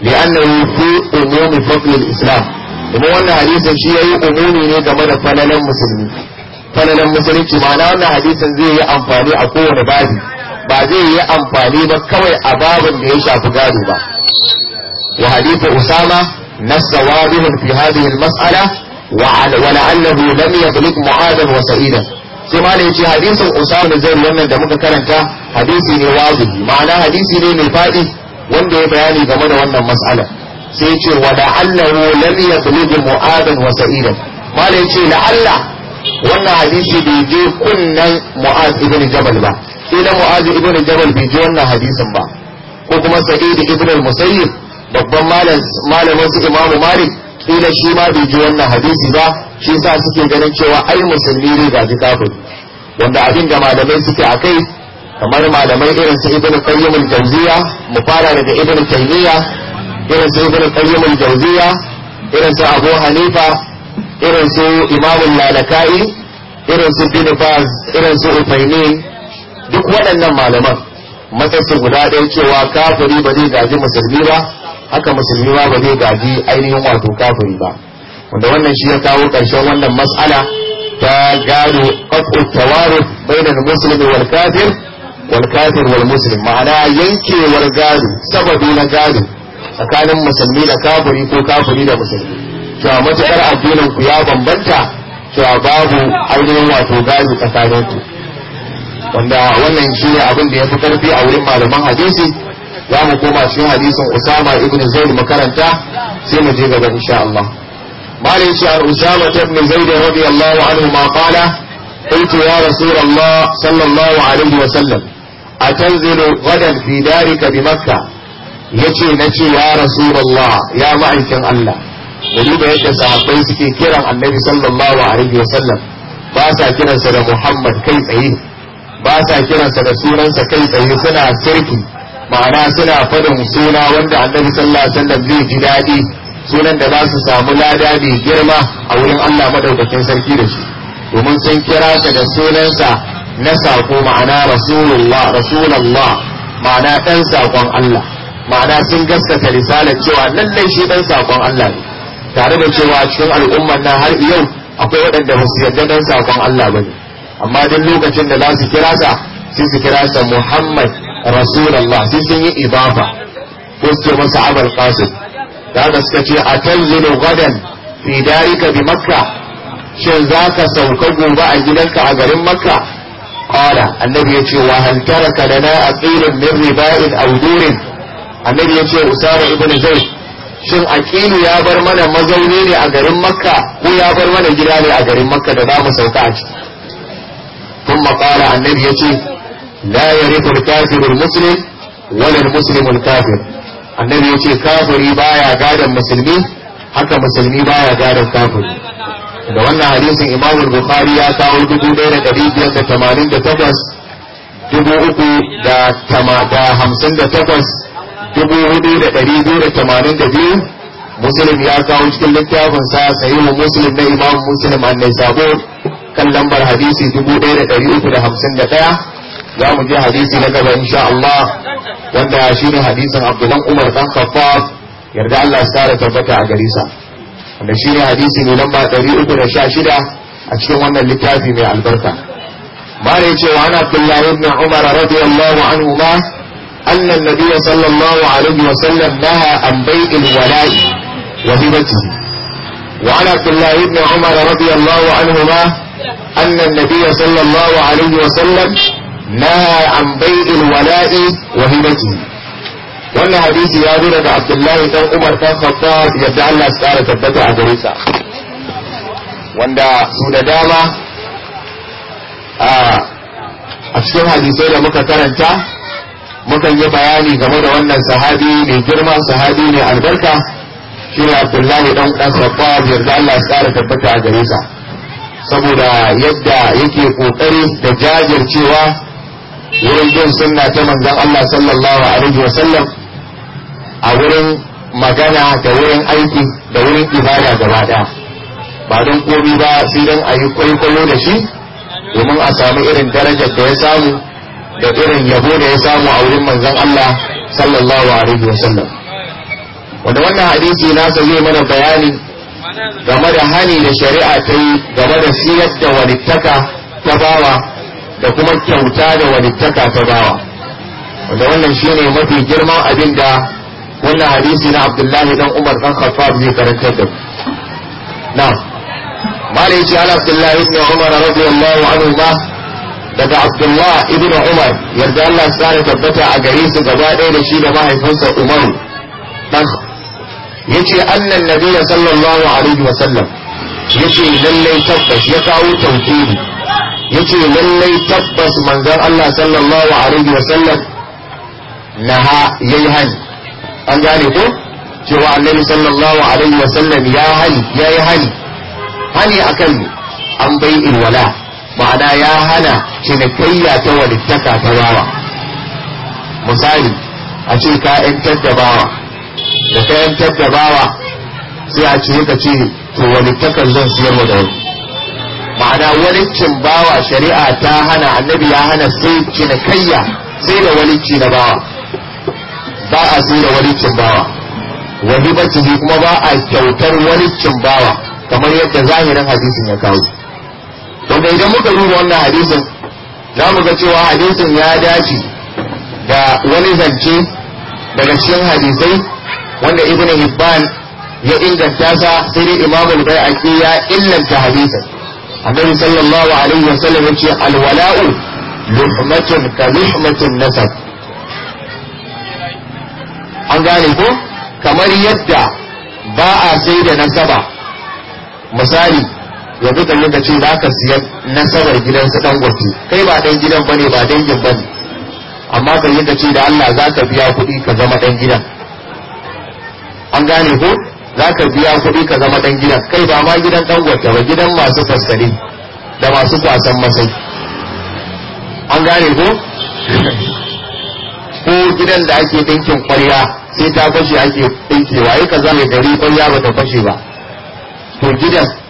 li'annahu fi umumi fadl islam kuma wannan hadisin shi yayi umumi ne game da falalan musulmi falalan musulunci ma'ana wannan hadisin zai yi amfani a kowane babi ba zai yi amfani ba kawai a babin da ya shafi gado ba wa hadithu usama nassa wadihun fi hadhihi al-mas'ala wa la'allahu lam yabliq mu'adan wa sa'ida sai ma ne ce hadisin usama da zai wannan da muka karanta hadisi ne wazihi ma'ana hadisi ne mai fadi wanda ya bayani game da wannan mas'ala sai ce wa la'allahu lam yabliq mu'adan wa sa'ida ma ne ce la'alla wannan hadisi bai je kunnan mu'az ibn jabal ba sai da mu'az ibn jabal bai je wannan hadisin ba ko kuma sa'id ibn al-musayyib babban malamin su imam malik kila shi ma bai je wannan hadisi ba shi yasa suke ganin cewa ai musulmi ne ga ji wanda abin da malamai suke akai kamar malamai irin su ibn qayyim al-jawziya mu fara daga ibn taymiya irin su ibn qayyim al-jawziya irin su abu hanifa irin su imamun lalaka'i irin su binibaz irin su ufaini duk waɗannan malaman matsatsu guda ɗaya cewa kafuri ba zai gaji musulmi ba haka musulmi ba zai gaji ainihin wato kafiri ba wanda wannan shi ya kawo ƙarshen wannan mas'ala ta gado kafu tawaruf bainal musulmi wal kafir wal kafir wal musulmi ma'ana yankewar gado sababi na gado tsakanin musulmi da kafuri ko kafiri da musulmi cewa matuƙar addinin ku ya bambanta cewa babu ainihin wato gazi tsakanin ku wanda wannan shi ne abin da ya fi karfi a wurin malaman hadisi za mu koma cikin hadisin usama ibn zaid makaranta sai mu je gaba insha Allah malin shi an usama ibn zaid radiyallahu anhu ma qala qultu ya rasul Allah sallallahu alaihi wa sallam atanzilu gadan fi darika bi makkah yace nace ya rasul Allah ya ma'aikin Allah da duba yadda sahabbai suke kiran annabi sallallahu alaihi wasallam ba sa kiransa da muhammad kai tsaye ba sa kiransa da sunansa kai tsaye suna sirki ma'ana suna fadin suna wanda annabi sallallahu alaihi sallam zai ji daɗi sunan da za su samu lada mai girma a wurin allah madaukakin sarki da shi domin sun kira shi da sunansa na sako ma'ana rasulullah rasulullah ma'ana ɗan sakon allah ma'ana sun gaskata risalar cewa lallai shi ɗan sakon allah ne tare da cewa a cikin al'ummar nan har yau akwai waɗanda ba su yarda dan sakon Allah bane amma duk lokacin da za su kira sa sai su kira sa Muhammad Rasulullah sai sun yi ibafa ko su ce masa Abul Qasim da suka ce atanzilu gadan fi darika bi Makka shin za ka sauka gobe a gidanka a garin Makka qala annabi yace wa hal taraka lana aqilun min riba'in aw durin annabi yace usama ibn zaid shin aqilu ya bar mana mazauni ne a garin makka ko ya bar mana gida ne a garin makka da za mu sauka a ciki tun maƙala annabi ya ce la ya rufe kafirul muslim wala muslimul kafir annabi ya ce kafiri baya gadon musulmi haka musulmi baya gadon kafiri da wannan hadisin imam bukhari ya kawo dubu ɗaya da ɗari biyar da tamanin da takwas dubu uku da hamsin da takwas dubu hudu da ɗari biyu da tamanin da biyu muslim ya kawo cikin littafin sa sahihu muslim na imam muslim annai sabo kan lambar hadisi dubu ɗaya da ɗari uku da hamsin da ɗaya za mu je hadisi na gaba insha Allah wanda shi ne hadisin Abdullahi Umar dan Khattab yarda Allah ya kare tabbata a gare sa wanda shi ne hadisi ne lamba ɗari uku da sha shida a cikin wannan littafi mai albarka. Mare cewa ana Abdullahi ibn Umar radiyallahu anhu ma أن النبي صلى الله عليه وسلم نهى عن بيع الولاء وهبته وعن عبد الله بن عمر رضي الله عنهما أن النبي صلى الله عليه وسلم نهى عن بيع الولاء وهبته wannan hadisi ya zo daga Abdullahi dan Umar dan Khattab yadda Allah ya tsara tabbata a gare sa wanda su da dama a cikin hadisai da muka karanta mukan yi bayani game da wannan sahabi mai girma sahabi mai albarka shi shine abdullahi dan dan sabba yarda Allah ya kara tabbata a gare sa saboda yadda yake kokari da jajircewa wurin bin sunna ta manzon Allah sallallahu alaihi wa sallam a wurin magana da wurin aiki da wurin ibada gaba daya ba don komi ba sai don a yi kwaikwayo da shi domin a samu irin darajar da ya samu da irin yabo da ya samu a wurin manzon Allah sallallahu alaihi wa sallam wanda wannan hadisi nasa zai mana bayani game da hani da shari'a ta yi game da siyar da walittaka ta bawa da kuma kyauta da walittaka ta bawa wanda wannan shi ne mafi girman abin da wannan hadisi na abdullahi dan umar dan khattab zai karantar da na malai ce ala abdullahi ibn umar radiyallahu anhu ba daga Abdullah ibn Umar yarda Allah ya tsare tabbata a gare su gaba ɗaya da shi da mahaifinsa Umaru. Umar dan yace annan nabiyyi sallallahu alaihi wa Ya ce lallai tabbas ya kawo tauhidi ce lallai tabbas manzon Allah sallallahu alaihi na ha ya yi hani an gane ko cewa annabi sallallahu alaihi wa sallam ya hani yayi hani hani akan an bai'il wala' ma'ana ya hana cinikayya ta walittaka ta bawa misali a ce ka yantar da bawa da ka yantar da bawa sai a ce ka ce to walittakar zan siyar da wani ma'ana walicin bawa shari'a ta hana annabi ya hana sai cinikayya sai da walici na bawa ba a sai da walicin bawa wani kuma ba a kyautar walicin bawa kamar yadda zahirin hadisin ya kawo wanda idan muka duba wannan hadisin za mu ga cewa hadisin ya dace da wani zance daga cikin hadisai wanda ibn hibban ya inganta sa sai dai imam al-bai'aqi ya illanta hadisin annabi sallallahu alaihi wasallam yace alwala'u walau luhmatun ka luhmatin nasab an gane ko kamar yadda ba a sai da nasaba misali yanzu kalli ka ce za ka siya nasarar gidan su dan gwafi kai ba dan gidan bane ba dangin bane amma kan ka ce da Allah za ka biya kuɗi ka zama dan gidan an gane ko za ka biya kuɗi ka zama dan gidan kai ba ma gidan dan gwafi ba gidan masu faskare da masu kwasan masai an gane ko ko gidan da ake dinkin kwarya sai ta fashe ake dinkewa yi ka zama gari kwarya ba ta fashe ba to gidan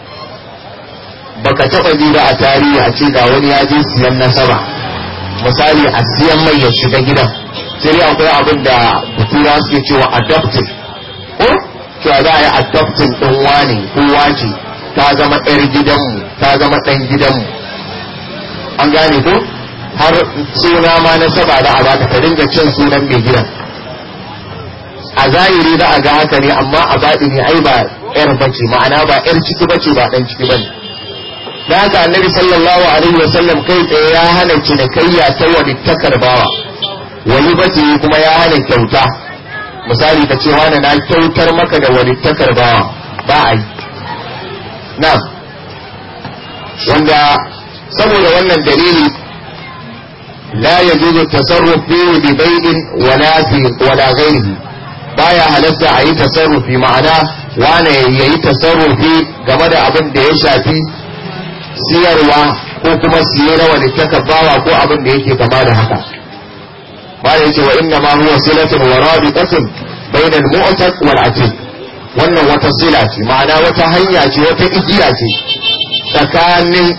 baka taba ji ba a tarihi a ce ga wani ya je siyan nasaba misali a siyan mai ya shiga gidan sai akwai abin da turawa suke cewa adoptive ko to za a yi adoptive din wani ko wace ta zama yar gidanmu ta zama dan gidanmu an gane ko har suna ma nasaba da a baka ka dinga cin sunan mai gidan a zahiri za a ga haka ne amma a baɗi ne ai ba yar bace ma'ana ba yar ciki bace ba dan ciki bane da haka annabi sallallahu alaihi wa sallam kai tsaye ya hana cinikayya ta wani takarbawa wani bace kuma ya hana kyauta misali ka ce wani na kyautar maka da wani takarbawa ba a yi na wanda saboda wannan dalili la yajuzu at-tasarruf fihi bi bay'in wala fi wala ghayrihi baya halatta a yi tasarrufi ma'ana wane yayi yi tasarrufi game da abin da ya shafi siyarwa ko kuma siye na wani takabawa ko abin da yake kama da haka bada yace wa inna ma huwa silatun wa rabitatin bainal mu'taq wal atiq wannan wata sila ce ma'ana wata hanya ce wata igiya ce tsakanin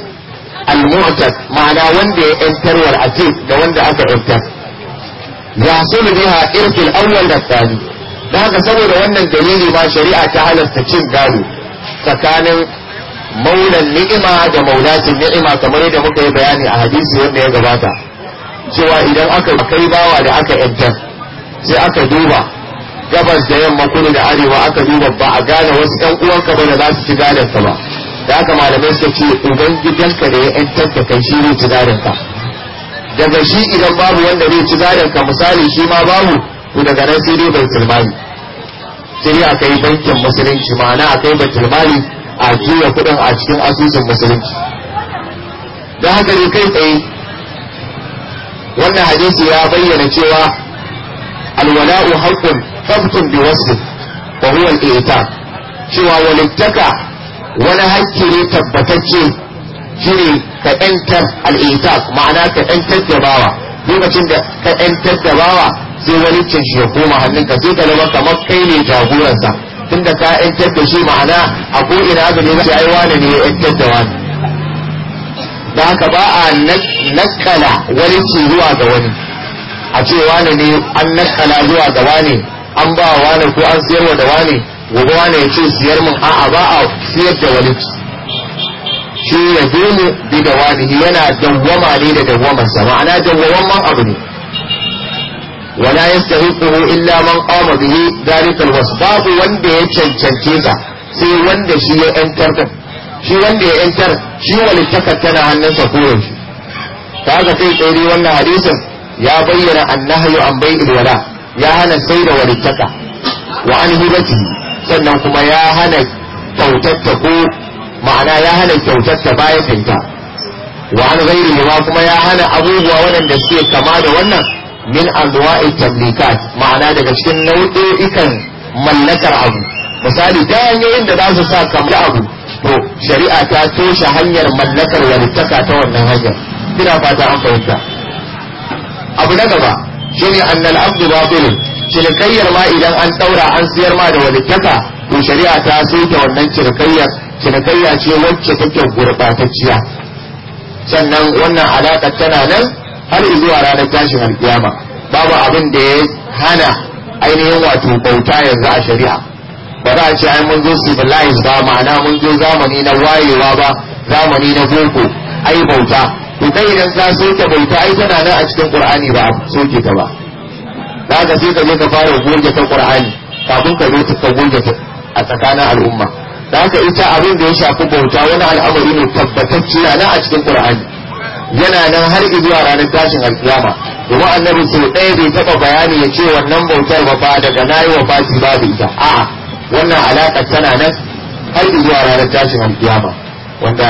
al mu'taq ma'ana wanda ya yantar wal atiq da wanda aka yantar yasulu biha irfil awwal da tsani da haka saboda wannan dalili ma shari'a ta halasta cin gado tsakanin maulan ni'ima da maulatin ni'ima kamar yadda muka yi bayani a hadisi wanda ya gabata cewa idan aka kai bawa da aka yanta sai aka duba gabas da yamma kudu da arewa aka duba ba a gane wasu yan uwanka ba da za su ci gadonka ba da aka malamai suka ce ubangidanka da ya yantar ka kai shi ne ci gadonka daga shi idan babu wanda zai ci gadonka misali shi ma babu to daga nan sai dai bai tilmani sai a kai bankin musulunci ma'ana a kai bai tilmani a juya kudin a cikin asusun musulunci don haka ne kai tsaye wannan hadisi ya bayyana cewa alwala'u haqqun fabtun bi wasu wa huwa al-i'ta cewa walittaka wani hakki ne tabbatacce shine ka al ma'ana ka yantar da bawa lokacin da ka yantar da bawa sai waliccin shi ya koma hannunka sai ka zama kamar kai ne jagoransa tunda ka yantar da shi ma'ana a ko ina ga ne ya yi wani ne ya yantar da wani da haka ba a nakala wani ci zuwa ga wani a ce wani ne an nakala zuwa ga wani an ba wani ko an siyarwa da wani gobe wani ya ce siyar mun a'a ba a siyar da wani shi ya zo mu bi da wani yana dangwama ne da dawwamansa ma'ana dawwaman abu ne wala yastahiquhu illa man qama bihi dhalika alwas babu wanda ya cancance sa sai wanda shi ya yantar da shi wanda ya yantar shi walittaka tana hannunsa ko yaushe kaga kai tsaye wannan hadisin ya bayyana annahyu an bai'il wala ya hana sai da walittaka wa an sannan kuma ya hana kyautatta ko ma'ana ya hana kyautatta bayan fita wa an ghairi kuma ya hana abubuwa waɗanda suke kama da wannan min anwa'i tamlikat ma'ana daga cikin nau'ikan mallakar abu misali ta hanyoyin da za su sa kamar abu to shari'a ta toshe hanyar mallakar walittaka ta wannan hanyar ina fata an fahimta abu na gaba shine annal abdu batilun cinikayyar ma idan an daura an siyar ma da walittaka to shari'a ta soke wannan cinikayyar cinikayya ce wacce take gurɓatacciya. sannan wannan alaƙa tana nan har zuwa ranar tashin alkiyama babu abin da ya hana ainihin wato bauta yanzu a shari'a ba za a ce ai mun zo civilized ba ma'ana mun zo zamani na wayewa ba zamani na boko ai bauta to kai idan ka soke bauta ai tana nan a cikin qur'ani ba soke ta ba za ka sai ka je ka fara goge ta qur'ani kafin ka zo ka goge ta a tsakanin al'umma da haka ita abin da ya shafi bauta wani al'amari ne tabbatacciya na a cikin qur'ani yana nan har zuwa ranar tashin alkiyama domin annabi sau ɗaya bai taɓa bayani ya ce wannan bautar ba ba daga nayi wa fati babu ita a'a wannan alaƙa tana nan har zuwa ranar tashin alkiyama wanda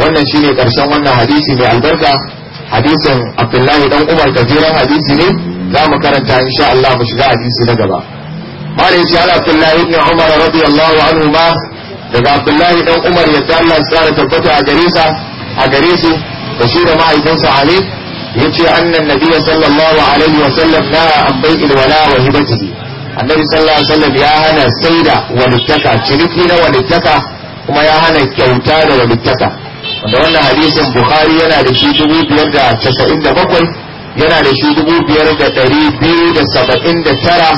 wannan shine ƙarshen wannan hadisi mai albarka hadisin abdullahi dan umar gajeren hadisi ne za mu karanta insha Allah mu shiga hadisi na gaba mala shi ala abdullahi ibn umar radiyallahu anhu ma daga abdullahi dan umar ya ta Allah tsara tabbata a gare sa a gare su da shi da mahaifinsa Ali ya ce annan nabiya sallallahu alaihi wa sallam na an bai ilwala wa hibatihi annabi sallallahu alaihi wa sallam ya hana saida walittaka ciniki na walittaka kuma ya hana kyauta da walittaka wanda wannan hadisin Bukhari yana da shi dubu biyar da casa'in da bakwai yana da shi dubu biyar da ɗari biyu da saba'in da tara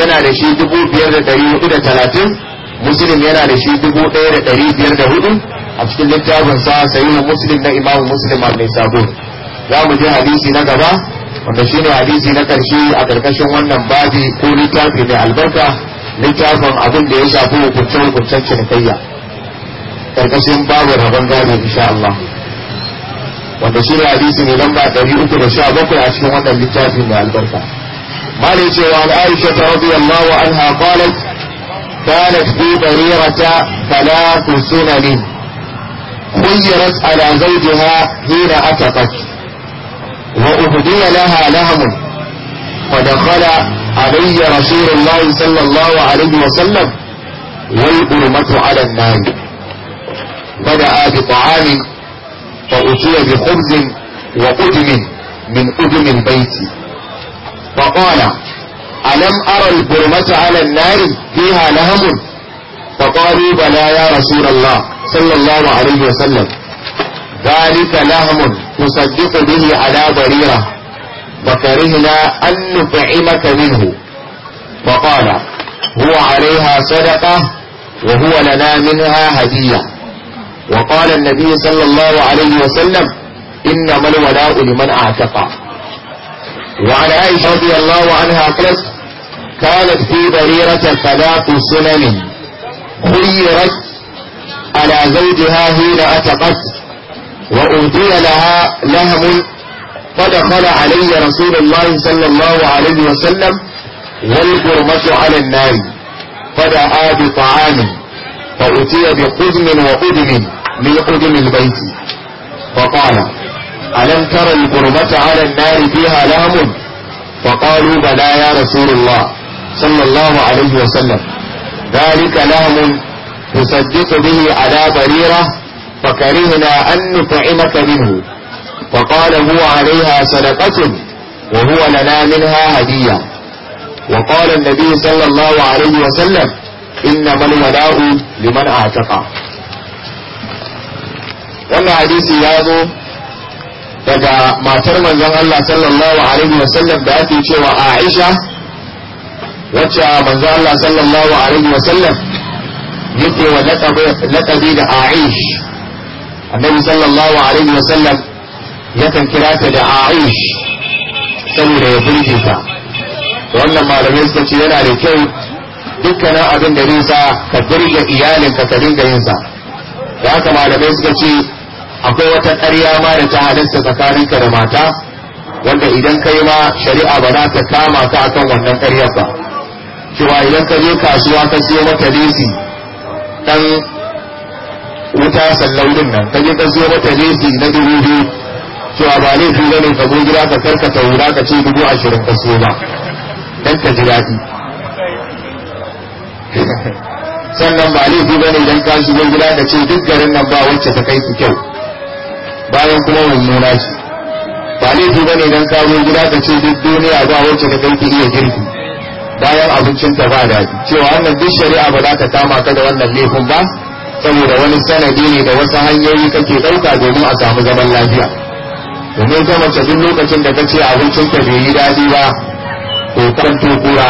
yana da shi dubu biyar da ɗari hudu da talatin Muslim yana da shi dubu ɗaya da ɗari biyar da hudu a cikin littafin sa sayyidul muslim na imamu muslim mai sabo za mu je hadisi na gaba wanda shine hadisi na karshe a karkashin wannan babi ko littafi mai albarka littafin abin da ya shafi hukuncen hukuncen cinikayya karkashin babu rabon gado insha Allah wanda shine hadisi ne lamba ɗari uku da sha bakwai a cikin wannan littafi mai albarka malai cewa Aisha radiyallahu anha qalat كانت في بريرة ثلاث سنن خيرت على زوجها حين عتقت وأهدي لها لهم فدخل علي رسول الله صلى الله عليه وسلم والأمة على النار بدأ بطعام فأتي بخبز وأدم من أدم البيت فقال ألم أرى البرمة على النار فيها لهم فقالوا بلى يا رسول الله صلى الله عليه وسلم ذلك لهم نصدق به على بريرة وكرهنا أن نطعمك منه وقال هو عليها صدقة وهو لنا منها هدية وقال النبي صلى الله عليه وسلم إنما الولاء لمن اعتقى وعلى عائشة رضي الله عنها قالت كانت في بريرة ثلاث سنن خيرت على زوجها حين أتقت وأهدي لها لهم فدخل علي رسول الله صلى الله عليه وسلم والقرمة على النار فدعا بطعام فأتي بقدم وقدم من قدم البيت فقال ألم ترى القرمة على النار فيها لهم فقالوا بلى يا رسول الله صلى الله عليه وسلم ذلك لهم تصدق به على ضريرة فكرهنا أن نطعمك منه فقال هو عليها صدقة وهو لنا منها هدية وقال النبي صلى الله عليه وسلم إنما الولاء لمن أعتقى wannan hadisi ya zo daga matar manzon Allah sallallahu alaihi wasallam da ake cewa Aisha wacce manzon Allah sallallahu alaihi wasallam yace wa laqabi da aish annabi sallallahu alaihi wasallam yakan kira ta da aish saboda ya burge ta wannan malamai suka ce yana da kyau dukkanin abin da zai sa ka burge iyalinka ka dinga yinsa. da haka malamai suka ce akwai wata ƙarya ma da ta halarta tsakaninka da mata wanda idan kai ma shari'a ba za ta kama ka akan wannan ƙaryar ba cewa idan ka je kasuwa ka siyo mata lesi dan wuta sallau din nan ka je ka siyo mata lesi na dubu biyu cewa ba laifi ba ne ka zo gida ka karkata wura ka ce dubu ashirin ka so ba dan ka ji daɗi sannan ba laifi ba ne dan ka shigo gida ka ce duk garin nan ba wacce ta kai ki kyau bayan kuma mummuna ce ba laifi ba ne dan ka zo gida ka ce duk duniya ba wacce ta kai ki iya girki bayan abincinta ba daɗi cewa wannan duk shari'a ba za ta kama ka da wannan laifin ba saboda wani sanadi ne da wasu hanyoyi kake ɗauka domin a samu zaman lafiya domin ita mace duk lokacin da abincin abincinta bai yi daɗi ba to kwanto kura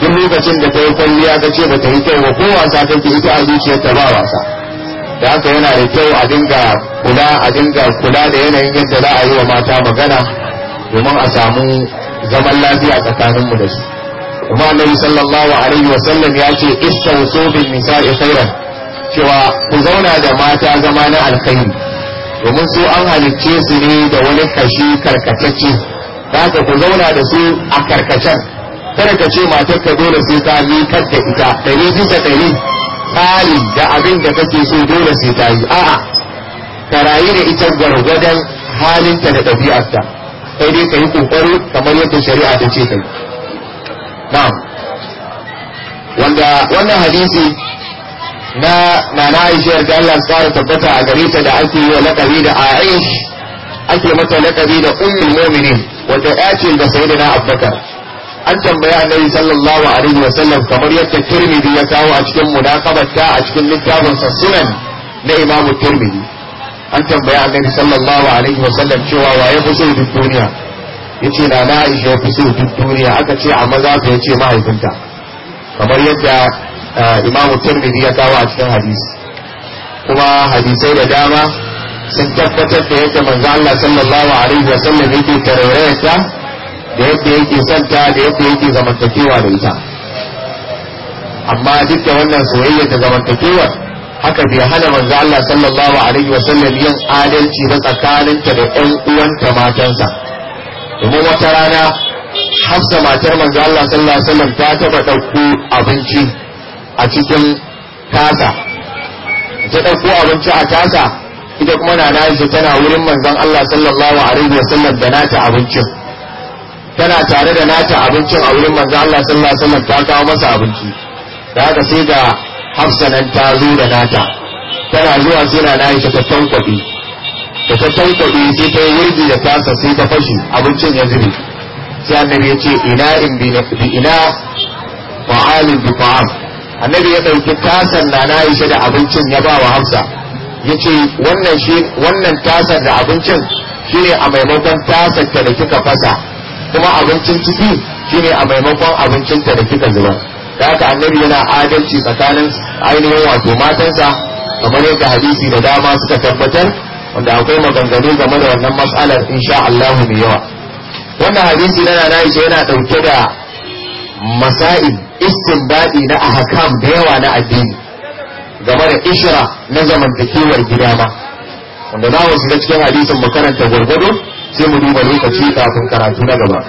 duk lokacin da ta yi kwalliya ta ce ba ta yi kyau ba ko wasa kake ita a ta ba wasa da haka yana da kyau a dinga kula a dinga kula da yanayin yadda za a yi wa mata magana domin a samu zaman lafiya tsakaninmu da su kuma annabi sallallahu alaihi wasallam ya ce istawsu bin nisa'i khairan cewa ku zauna da mata zama na alkhairi domin su an halicce su ne da wani kashi karkatacce haka ku zauna da su a karkacen kada ka ce matar ka dole sai ta yi da ita dari bisa dari tsari da abin da kake so dole sai ta yi a'a ka rayu da ita gwargwadon halinta da ɗabi'arta sai dai ka yi kokari kamar yadda shari'a ta ce kai na wanda wannan hadisi na nana aishiyar da Allah ya tabbata a gare ta da ake yi wa laqabi da Aish ake mata lakabi da ummul mu'minin wata ya ce da sayyidina Abubakar an tambaya annabi sallallahu alaihi wa sallam kamar yadda Tirmidhi ya kawo a cikin mudaqabarta a cikin littafin sa sunan na Imam Tirmidhi an tambaya annabi sallallahu alaihi wa sallam cewa waye fi duniya ya ce na na'isha ya fi so duk duniya aka ce a maza ka ya ce mahaifinta kamar yadda imamu tirmidhi ya kawo a cikin hadisi kuma hadisai da dama sun tabbatar da yadda manzo Allah sallallahu alaihi wa sallam yake tarayyarta da yadda yake santa da yadda yake zamantakewa da ita amma duk da wannan soyayya da zamantakewa haka bai hana manzo Allah sallallahu alaihi wa sallam yin adalci ba tsakaninta da ƴan uwanta matansa domin wata rana hafsa matar manzo Allah sallallahu alaihi wasallam ta taba dauko abinci a cikin tasa ta dauko abinci a tasa ita kuma na naji tana wurin manzon Allah sallallahu alaihi wasallam da nata abincin tana tare da nata abincin a wurin manzon Allah sallallahu alaihi wasallam ta kawo masa abinci da haka sai ga hafsa nan ta zo da nata tana zuwa sai na naji ta tankwabi da ta tankwade sai ta yi wurgi da tasa sai ta fashi abincin ya zube sai annabi ya ce ina in bi ina fa'alin bi fa'am annabi ya ɗauki tasan na na Aisha da abincin ya ba wa Hafsa ya ce wannan shi tasar da abincin shine a maimakon tasan ta da kika fasa kuma abincin ciki shine a maimakon abincin ta da kika zuba da haka annabi yana adalci tsakanin ainihin wato matansa kamar yadda hadisi da dama suka tabbatar wanda akwai maganganu game da wannan matsalar insha Allahu mai yawa wannan hadisi na nana Aisha yana dauke da masail istinbadi na ahkam da yawa na addini game da ishra na zamantakewar gida ma wanda za mu shiga cikin hadisin mu karanta gwargwado sai mu duba lokaci kafin karatu na gaba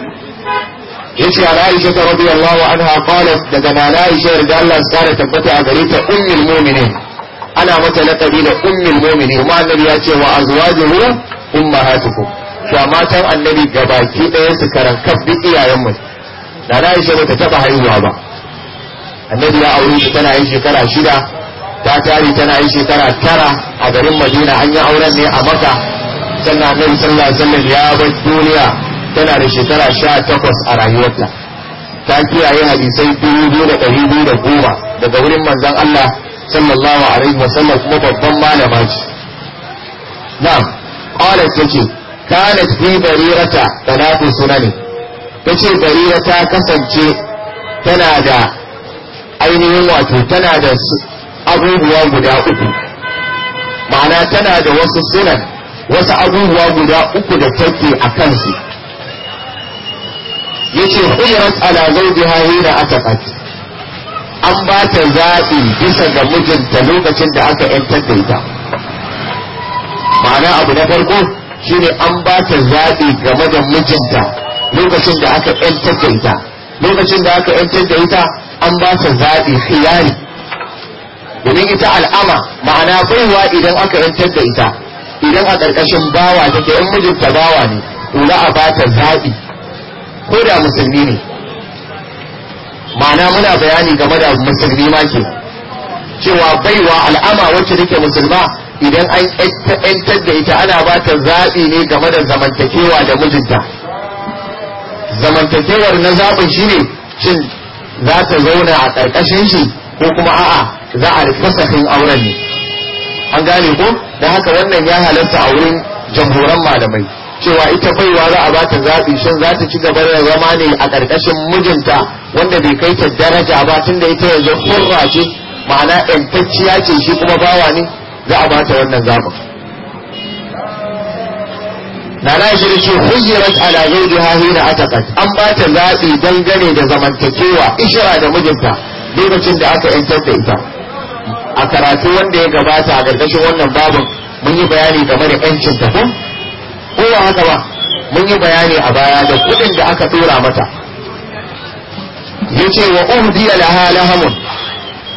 yace an Aisha radiyallahu anha qalat daga nana Aisha radiyallahu anha tabbata a gare ta ummul mu'minin ana mata lakabi da ummul mu'minin kuma annabi ya ce wa azwajuhu ummahatukum ga matan annabi gabaki ɗaya su karankaf duk iyayen mu da na Aisha bata taba haihuwa ba annabi ya aure ta tana yin shekara shida ta tari tana yin shekara tara a garin Madina an yi auren ne a maka. sannan annabi sallallahu alaihi ya bar duniya tana da shekara sha takwas a rayuwarta ta kiyaye hadisai dubu biyu da ɗari biyu da goma daga wurin manzon Allah sallallahu alaihi wasallam kuma babban malama ce na'am qalat tace kanat fi barirata talatu sunani tace barira ta kasance tana da ainihin wato tana da abubuwa guda uku ma'ana tana da wasu sunan wasu abubuwa guda uku da take a kansu yace hujirat ala zawjiha hina ataqat an ba ta zaɓi bisa ga mijinta lokacin da aka yantar da ita ma'ana abu na farko shi ne an ba ta zaɓi game da mijinta lokacin da aka yantar da ita lokacin da aka yantar da ita an ba ta zaɓi khiyari domin ita al'ama ma'ana baiwa idan aka yantar da ita idan a ƙarƙashin bawa take in mijinta bawa ne to a ba ta zaɓi ko da musulmi ne ma'ana muna bayani game da musulmi ma ke cewa baiwa al'ama wacce take musulma idan an yantar da ita ana ba ta zaɓi ne game da zamantakewa da mijinta zamantakewar na zaɓin shi ne shin za ta zauna a ƙarƙashin shi ko kuma a'a za a fasafin auren ne an gane ko da haka wannan ya halarta a wurin jamhuran malamai cewa ita baiwa za a bata zaɓi shin za ta ci gaba da zama ne a ƙarƙashin mijinta wanda bai kai ta daraja ba tunda ita yanzu hurra ce ma'ana ƴantacciya ce shi kuma bawa ne za a bata wannan zaɓin na na shi ce hujjirat ala zawjiha hina ataqat an bata zaɓi dangane da zamantakewa ishira da mijinta lokacin da aka yantar da ita a karatu wanda ya gabata a ƙarƙashin wannan babin mun yi bayani game da ƴancin ta ko ba haka ba mun yi bayani a baya da kudin da aka tura mata yace wa uhdiya laha lahamun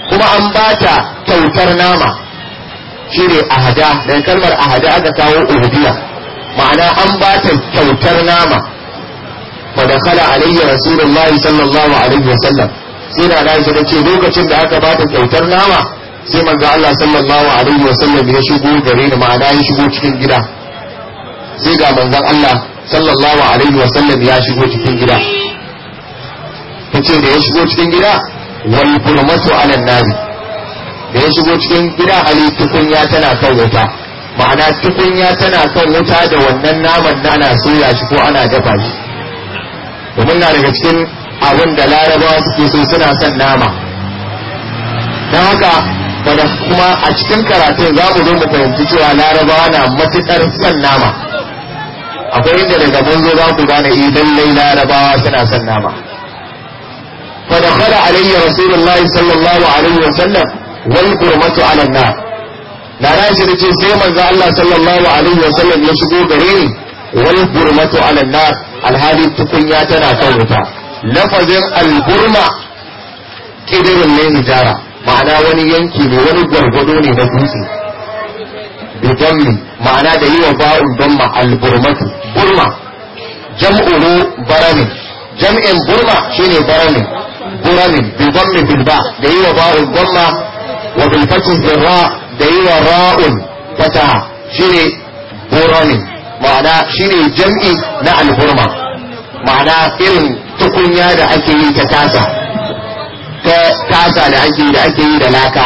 kuma an bata kyautar nama shine ahada dan kalmar ahada aka kawo uhdiya ma'ana an bata kyautar nama fa dakhala alayya rasulullahi sallallahu alaihi wasallam sai da Aisha ce lokacin da aka bata kyautar nama sai manzo Allah sallallahu alaihi wasallam ya shigo gare ni ma'ana ya shigo cikin gida sai ga manzon Allah sallallahu alaihi wa sallam ya shigo cikin gida tace da ya shigo cikin gida wal masu ala nabi da ya shigo cikin gida ali tukunya tana kan wuta ma'ana tukunya tana kan wuta da wannan naman na ana soya shi ko ana dafa shi domin na daga cikin abin da larabawa suke so suna son nama don haka kuma a cikin karatun za mu zo mu fahimci cewa larabawa na matuƙar son nama akwai inda daga mun zo za ku gane eh lallai larabawa suna son nama fa dakhala alayya rasulullahi sallallahu alaihi wa sallam wal qurmatu ala nar da rashi da ce sai manzo Allah sallallahu alaihi wa sallam ya shigo gare ni wal qurmatu ala alhali tukunya tana kan wuta lafazin al qurma kidirin ne hijara ma'ana wani yanki ne wani gwargwado ne na dutse bidammi ma'ana da yiwa ba'un damma alburmatu burma jam'u ne baramin jam'in burma shine baramin buramin bidammi da yiwa ba'un damma da yiwa ra'un fataha shine buramin ma'ana shine jam'i na alburma ma'ana irin tukunya da ake yi ta tasa da ake yi da laka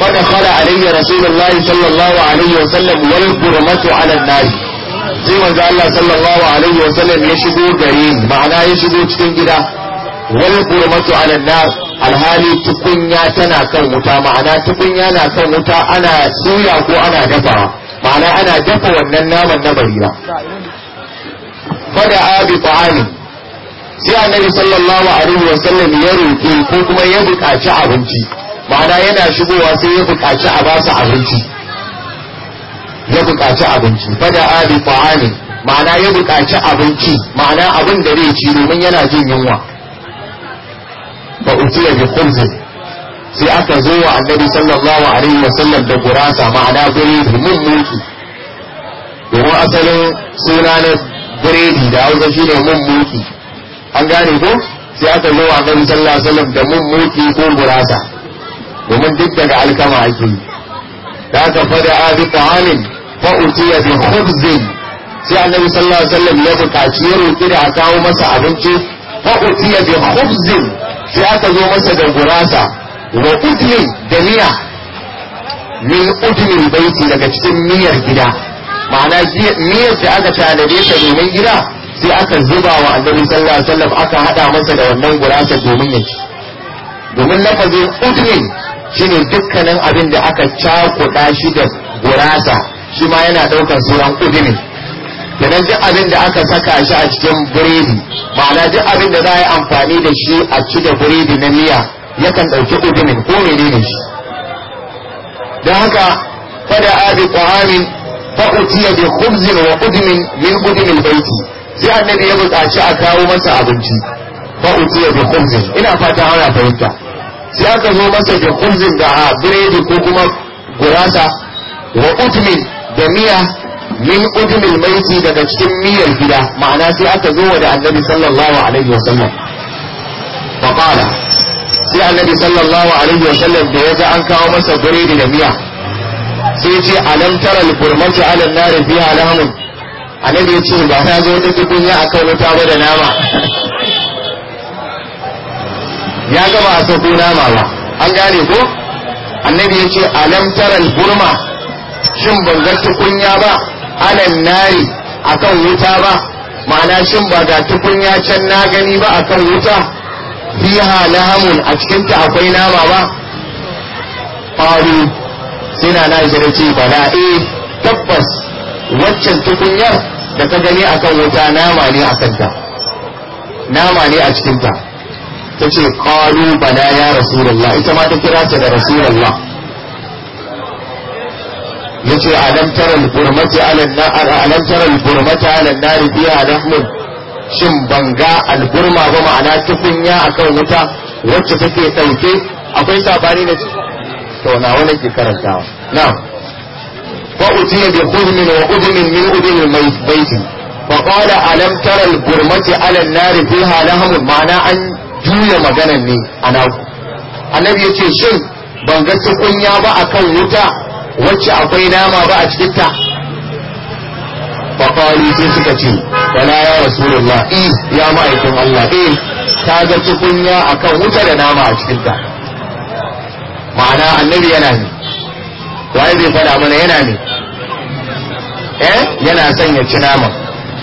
فدخل علي رسول الله صلى الله عليه وسلم والقرمة على الناس sai manzo Allah sallallahu alaihi wa sallam ya shigo gari ma'ana ya shigo cikin gida wal qurmatu ala alhali tukunya tana kan wuta ma'ana tukunya na kan wuta ana suya ko ana dafa ma'ana ana dafa wannan naman na barira fada abi ta'ani sai annabi sallallahu alaihi wa sallam ya roƙe ko kuma ya buƙaci abinci ma'ana yana shigowa sai ya buƙaci a basu abinci ya buƙaci abinci bada ali ta'ani ma'ana ya buƙaci abinci ma'ana abin da zai ci domin yana jin yunwa Ba utiya bi khubzin sai aka zo wa annabi sallallahu alaihi wasallam da gurasa ma'ana da mun mutu domin asalin suna na biredi da hausa ne mun mutu an gane ko sai aka zo wa annabi sallallahu alaihi wasallam da mun mutu ko gurasa domin duk daga alkama ake yi da aka fada abi ta'amin fa utiya bi khubzin sai annabi sallallahu alaihi wasallam ya buƙaci ya roki da a kawo masa abinci fa utiya bi khubzin sai aka zo masa da gurasa wa utli da miya min utli baiti daga cikin miyar gida ma'ana miyar da aka tanade ta domin gida sai aka zuba wa annabi sallallahu alaihi wasallam aka hada masa da wannan gurasa domin ya ci domin lafazin utli shine dukkanin abin da aka cakuɗa shi da gurasa shi ma yana ɗaukar sunan kudi da nan duk abin da aka saka shi a cikin biredi ma'ana duk abin da za a yi amfani da shi a ci da biredi na miya yakan ɗauki udumin ko menene shi don haka fada abi ƙwamin fa'utiya bi khubzin wa udumin min udumin baiti sai annabi ya buƙaci a kawo masa abinci fa'utiya bi khubzin ina fata ana fahimta sai aka zo masa da kurzin da biredi ko kuma gurasa wa utmin da miya min utmin maiti daga cikin miyar gida ma'ana sai aka zo wa da annabi sallallahu alaihi wa sallam fa sai annabi sallallahu alaihi wa sallam da yaji an kawo masa biredi da miya sai ya ce alam tara al-burmati ala an-nar fiha lahmun annabi ya ce ba ta zo ta tukunya akan wuta ba da nama ya gaba a sako nama ba an gane ko annabi ya ce alam taral gurma shin ban ga tukunya ba anan nari akan wuta ba ma'ana shin ba ga tukunya can na gani ba akan wuta fiha hamun a cikinta akwai nama ba faru suna na jira ce bala e tabbas waccan tukunyar da ka gani akan wuta nama ne a kanta nama ne a cikinta ta ce ƙalu bala ya rasulallah ita ma ta kira ta da rasulallah ya ce alam taral burmata alan nari biya lahmun shin banga alburma ba ma'ana a akan wuta wacce take ɗauke akwai sabani da to na wani ke karantawa na ko utiya bi khuzmin wa udmin min udmin mai baiti فقال ألم ترى البرمة على النار فيها لهم معنى an. juya maganan ne a naku annabi ya ce shin ban ga tukunya ba a kan wuta wacce akwai nama ba a cikin ta faƙali sai suka ce wala ya rasulullah e ya ma'aikin Allah eh ta ga tukunya kan wuta da nama a cikin ta ma'ana annabi yana ne waye zai faɗa mana yana ne eh yana son ya ci nama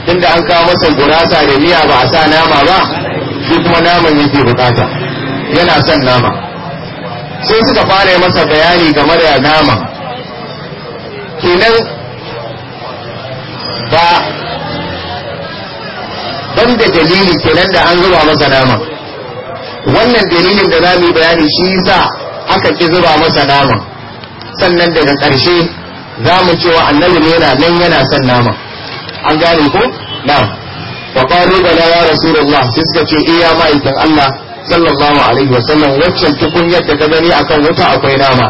tunda an kawo masa gurasa da miya ba a sa nama ba shi kuma naman yake bukata yana son nama sai suka fara masa bayani game da nama kenan ba ban da dalili kenan da an zuba masa nama wannan dalilin da za mu yi bayani shi yasa aka ki zuba masa nama sannan daga ƙarshe za mu cewa annabi ne yana nan yana son nama an gane ko na'am fa bala ya rasulullah sai suka ce iya ma'aikin Allah sallallahu alaihi wasallam waccan tukunyar da ka gani akan wuta akwai nama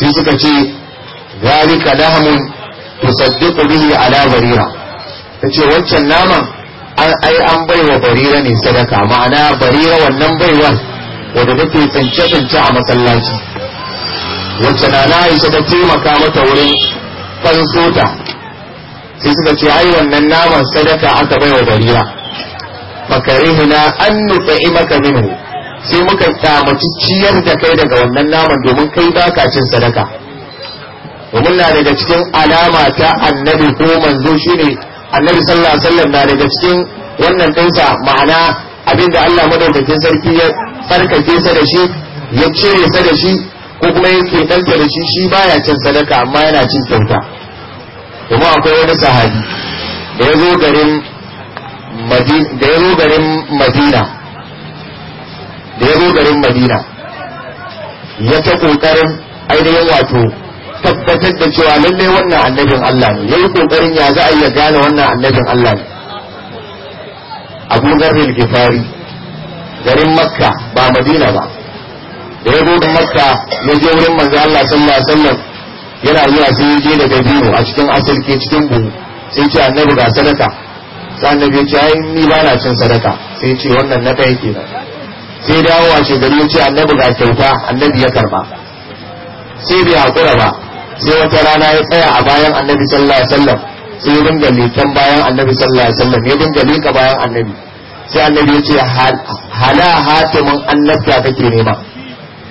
sai suka ce zalika lahmun tusaddiqu bihi ala barira ce waccan naman an ai an baiwa barira ne sadaka ma'ana barira wannan baiwar wadda take tsance-tsance a masallaci wacce na na Aisha ta taimaka mata wurin fansota sai suka ce ai wannan naman sadaka aka bai wa barira makarihina an nufa maka minhu sai muka tamaci ciyar da kai daga wannan naman domin kai baka cin sadaka domin na daga cikin alama ta annabi ko manzo shine annabi sallallahu alaihi wasallam na daga cikin wannan dinsa ma'ana abinda Allah madaukakin sarki ya tsarkake sa da shi ya cire sa da shi ko kuma yake danta da shi shi baya cin sadaka amma yana cin kyauta kuma akwai wani sahabi da ya zo garin da ya zo garin madina da ya zo garin madina ya ta kokarin ainihin wato tabbatar da cewa lallai wannan annabin Allah ne yayi kokarin ya za a iya gane wannan annabin Allah ne Abu Zarril Gifari garin Makka ba Madina ba da ya zo da Makka ya je wurin manzo Allah sallallahu alaihi wasallam yana zuwa sai je daga biyu a cikin asirke cikin buhu sai ce annabi ga sadaka sai annabi ya ce ai ni ba na cin sadaka sai ce wannan na kai kenan sai dawo a shekaru ya ce annabi ga kyauta annabi ya karba sai bai hakura ba sai wata rana ya tsaya a bayan annabi sallallahu alaihi wasallam sai ya dinga lekan bayan annabi sallallahu alaihi wasallam ya dinga leka bayan annabi sai annabi ya ce hala hatimin annabta kake nema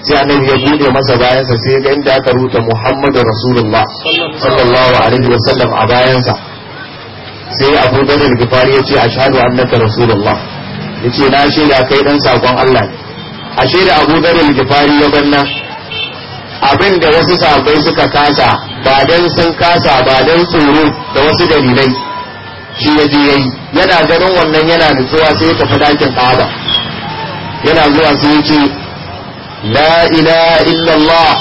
sai annabi ya bude masa bayansa sai ga inda aka rubuta Muhammadu Rasulullah sallallahu alaihi wasallam a bayansa sai Abu Bakar Gifari ya ce ashhadu annaka Rasulullah yace na shaida kai dan sakon Allah ashe da Abu Bakar gifari ya banna abin da wasu sahabbai suka kasa ba dan sun kasa ba dan tsoro da wasu dalilai shi ya je yayi yana ganin wannan yana nutsuwa sai ya tafi dakin Ka'aba yana zuwa sai ya ce la ilaha illallah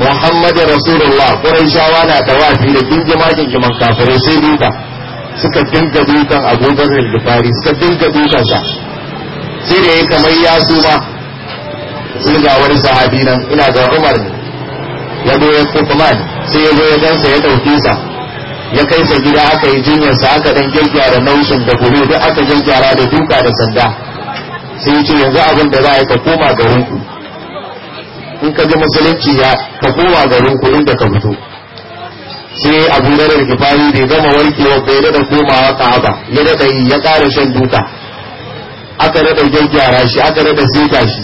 muhammad rasulullah quraishawa na tawafi da kinjimakin kiman kafirai sai duka suka dinga dukan abubakar al-bukhari suka dinga dukan sa sai da ya kamar ya suma sai ga wani sahabi nan ina ga umar ne ya zo ya sai ya zo ya gansa ya dauke sa ya kai sa gida aka yi jinyar aka dan gyaggyara naushin da gure duk aka gyaggyara da duka da sanda sai ce yanzu abin da za a ka koma ga hunku in ka ji musulunci ya ka kowa garin ku inda ka fito sai abu da rikifari bai gama warkewa bai da komawa ka'aba ya da yi ya kara shan duka aka daɗa gyaggyara shi aka daɗa seta shi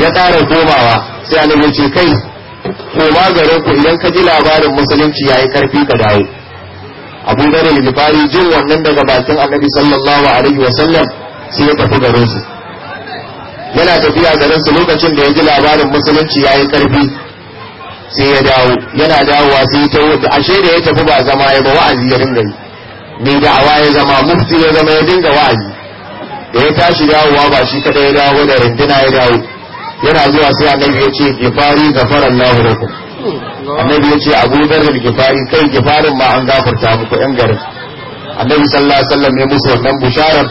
ya kara komawa sai annabi ce kai koma garin ku idan ka ji labarin musulunci yayi karfi ka dawo abu da kifari jin wannan daga bakin annabi sallallahu alaihi wasallam sai ya tafi garin su yana tafiya garin su lokacin da ya ji labarin musulunci ya yi karfi sai ya dawo yana dawowa sai ta wuce ashe da ya tafi ba zama ya ba wa'azi ya dinga yi mai awa ya zama mufti ya zama ya dinga wa'azi da ya tashi dawowa ba shi kadai ya dawo da rindina ya dawo yana zuwa sai annabi ya ce gifari gafaran lahu lakum annabi ya ce abu darrin gifari kai gifarin ma an gafarta muku yan garin annabi sallallahu alaihi wasallam ya musu wannan bisharar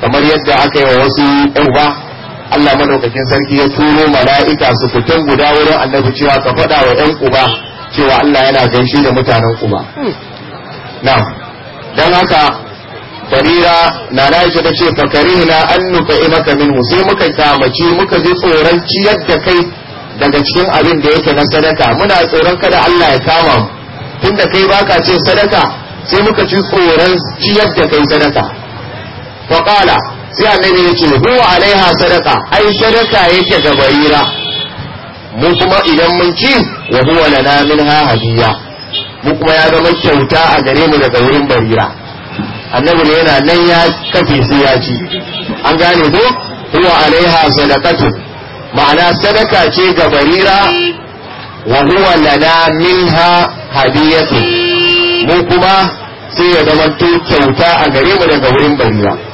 kamar yadda aka yi wa wasu yan uba Allah madaukakin sarki ya turo mala'ika su fitan guda wurin annabi cewa ka faɗa wa ƴan uba cewa Allah yana ganshi da mutanen uba Na'am. dan haka barira na Aisha ta ce fakarina an nufa imaka minhu sai muka kyamaci muka ji tsoron ciyar da kai daga cikin abin da yake na sadaka muna tsoron kada Allah ya kama mu tunda kai baka ce sadaka sai muka ci tsoron ciyar da kai sadaka faqala sai annabi ya ce huwa alaiha sadaka ai sadaka yake ga barira mu kuma idan mun ci wa huwa lana minha hadiya mu kuma ya zama kyauta a gare mu daga wurin barira annabi ne yana nan ya kafe sai ya ci an gane ko huwa alaiha sadaqatu ma'ana sadaka ce ga barira wa huwa lana minha hadiyatu mu kuma sai ya zama kyauta a gare mu daga wurin barira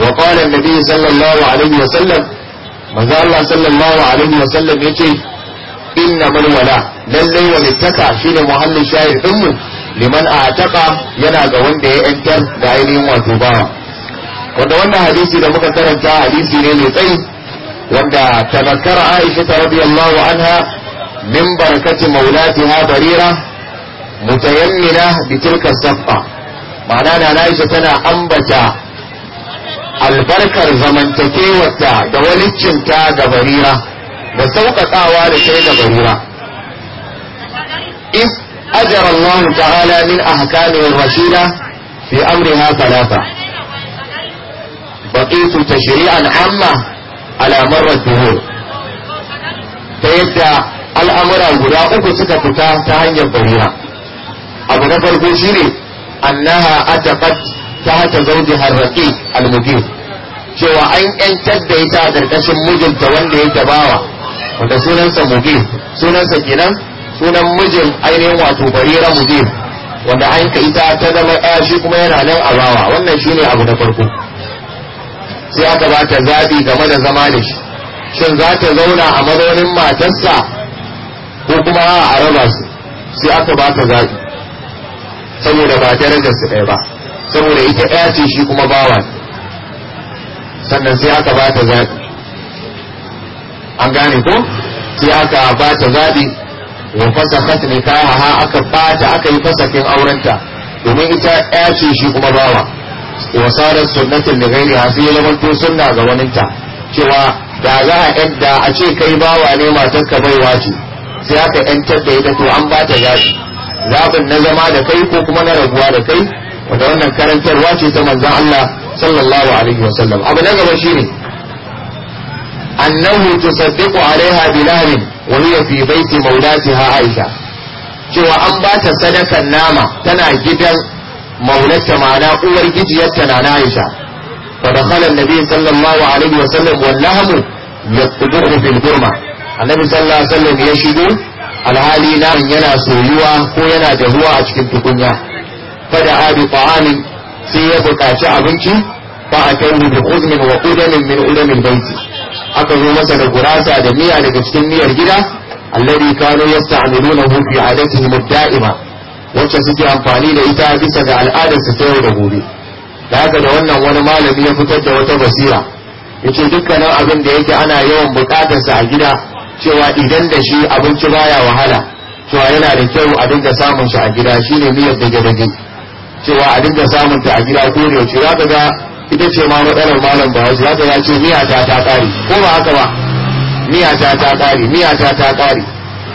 wa qala annabi sallallahu alaihi wasallam manzo Allah sallallahu alaihi wasallam yace inna mal wala lallai walittaka shine muhallin shahid din mu liman ataka yana ga wanda ya yantar da ainihin wato bawa wanda wannan hadisi da muka karanta hadisi ne mai tsayi wanda tabakkara Aisha radiyallahu anha min barakati maulatiha barira mutayammina bi bikin kasaf'a ma'ana na Aisha tana ambata albarkar zamantakewarta da walicinta ga barira da sauƙaƙawa da kai ga barira is ajara Allah ta'ala min ahkamin rashida fi amriha thalatha baqitu tashri'an amma ala marrat duhur ta yadda al'amura guda uku suka fita ta hanyar barira abu na farko shine annaha ataqat ta hata zauji harraƙi almubin cewa an yantar da ita a ƙarƙashin mijinta wanda yake bawa wanda sunansa mubin sunansa kenan sunan mijin ainihin wato barira mubin wanda an ka ita ta zama ɗaya shi kuma yana nan a bawa wannan shine abu na farko sai aka ba ta zaɓi game da zama da shi shin za ta zauna a mazaunin matarsa ko kuma a raba su sai aka ba ta zaɓi saboda ba darajar su ɗaya ba saboda ita ɗaya ce shi kuma bawa sannan sai aka ba ta zaɓi an gane ko sai aka ba ta zaɓi wa fasa ta nikaha aka bata aka yi fasakin aurenta domin ita ɗaya ce shi kuma bawa wa sarar sunnatin da gairi sai ya zamanto sunna ga waninta cewa da za a yadda a ce kai bawa ne matarka baiwa ce sai aka yantar da ita to an ba ta zaɓi zaɓin na zama da kai ko kuma na rabuwa da kai wanda wannan karantarwa ce ta manzan Allah sallallahu alaihi sallam abu na gaba shine annahu tusaddiqu alaiha bilal wa hiya fi baiti maulatiha aisha cewa an ba ta sadakan nama tana gidan maulata ma'ana uwar gijiyarta na Aisha fa dakhala annabi sallallahu alaihi wasallam wallahamu yaqduhu fil gurma annabi sallallahu alaihi wasallam ya shigo alhali nan yana soyuwa ko yana dahuwa a cikin tukunya fada'a bi ta'amin sai ya buƙaci abinci fa akanni bi uzmin wa qudamin min udamin baiti aka zo masa da gurasa da miya daga cikin miyar gida alladhi kanu yasta'milunahu fi adatihim ad-da'ima wacce suke amfani da ita bisa ga al'adar su ta da gobe da haka da wannan wani malami ya fitar da wata basira yace dukkanin abin da yake ana yawan buƙatarsa a gida cewa idan da shi abinci baya wahala cewa yana da kyau a dinga samun shi a gida shine miyar dage-dage cewa a dinga samun ta a gida ko da yaushe za ka ga ita ce ma matsalar malam ba za ka ya ce miya ta ta kare ko ba haka ba miya ta ta kare miya ta ta kare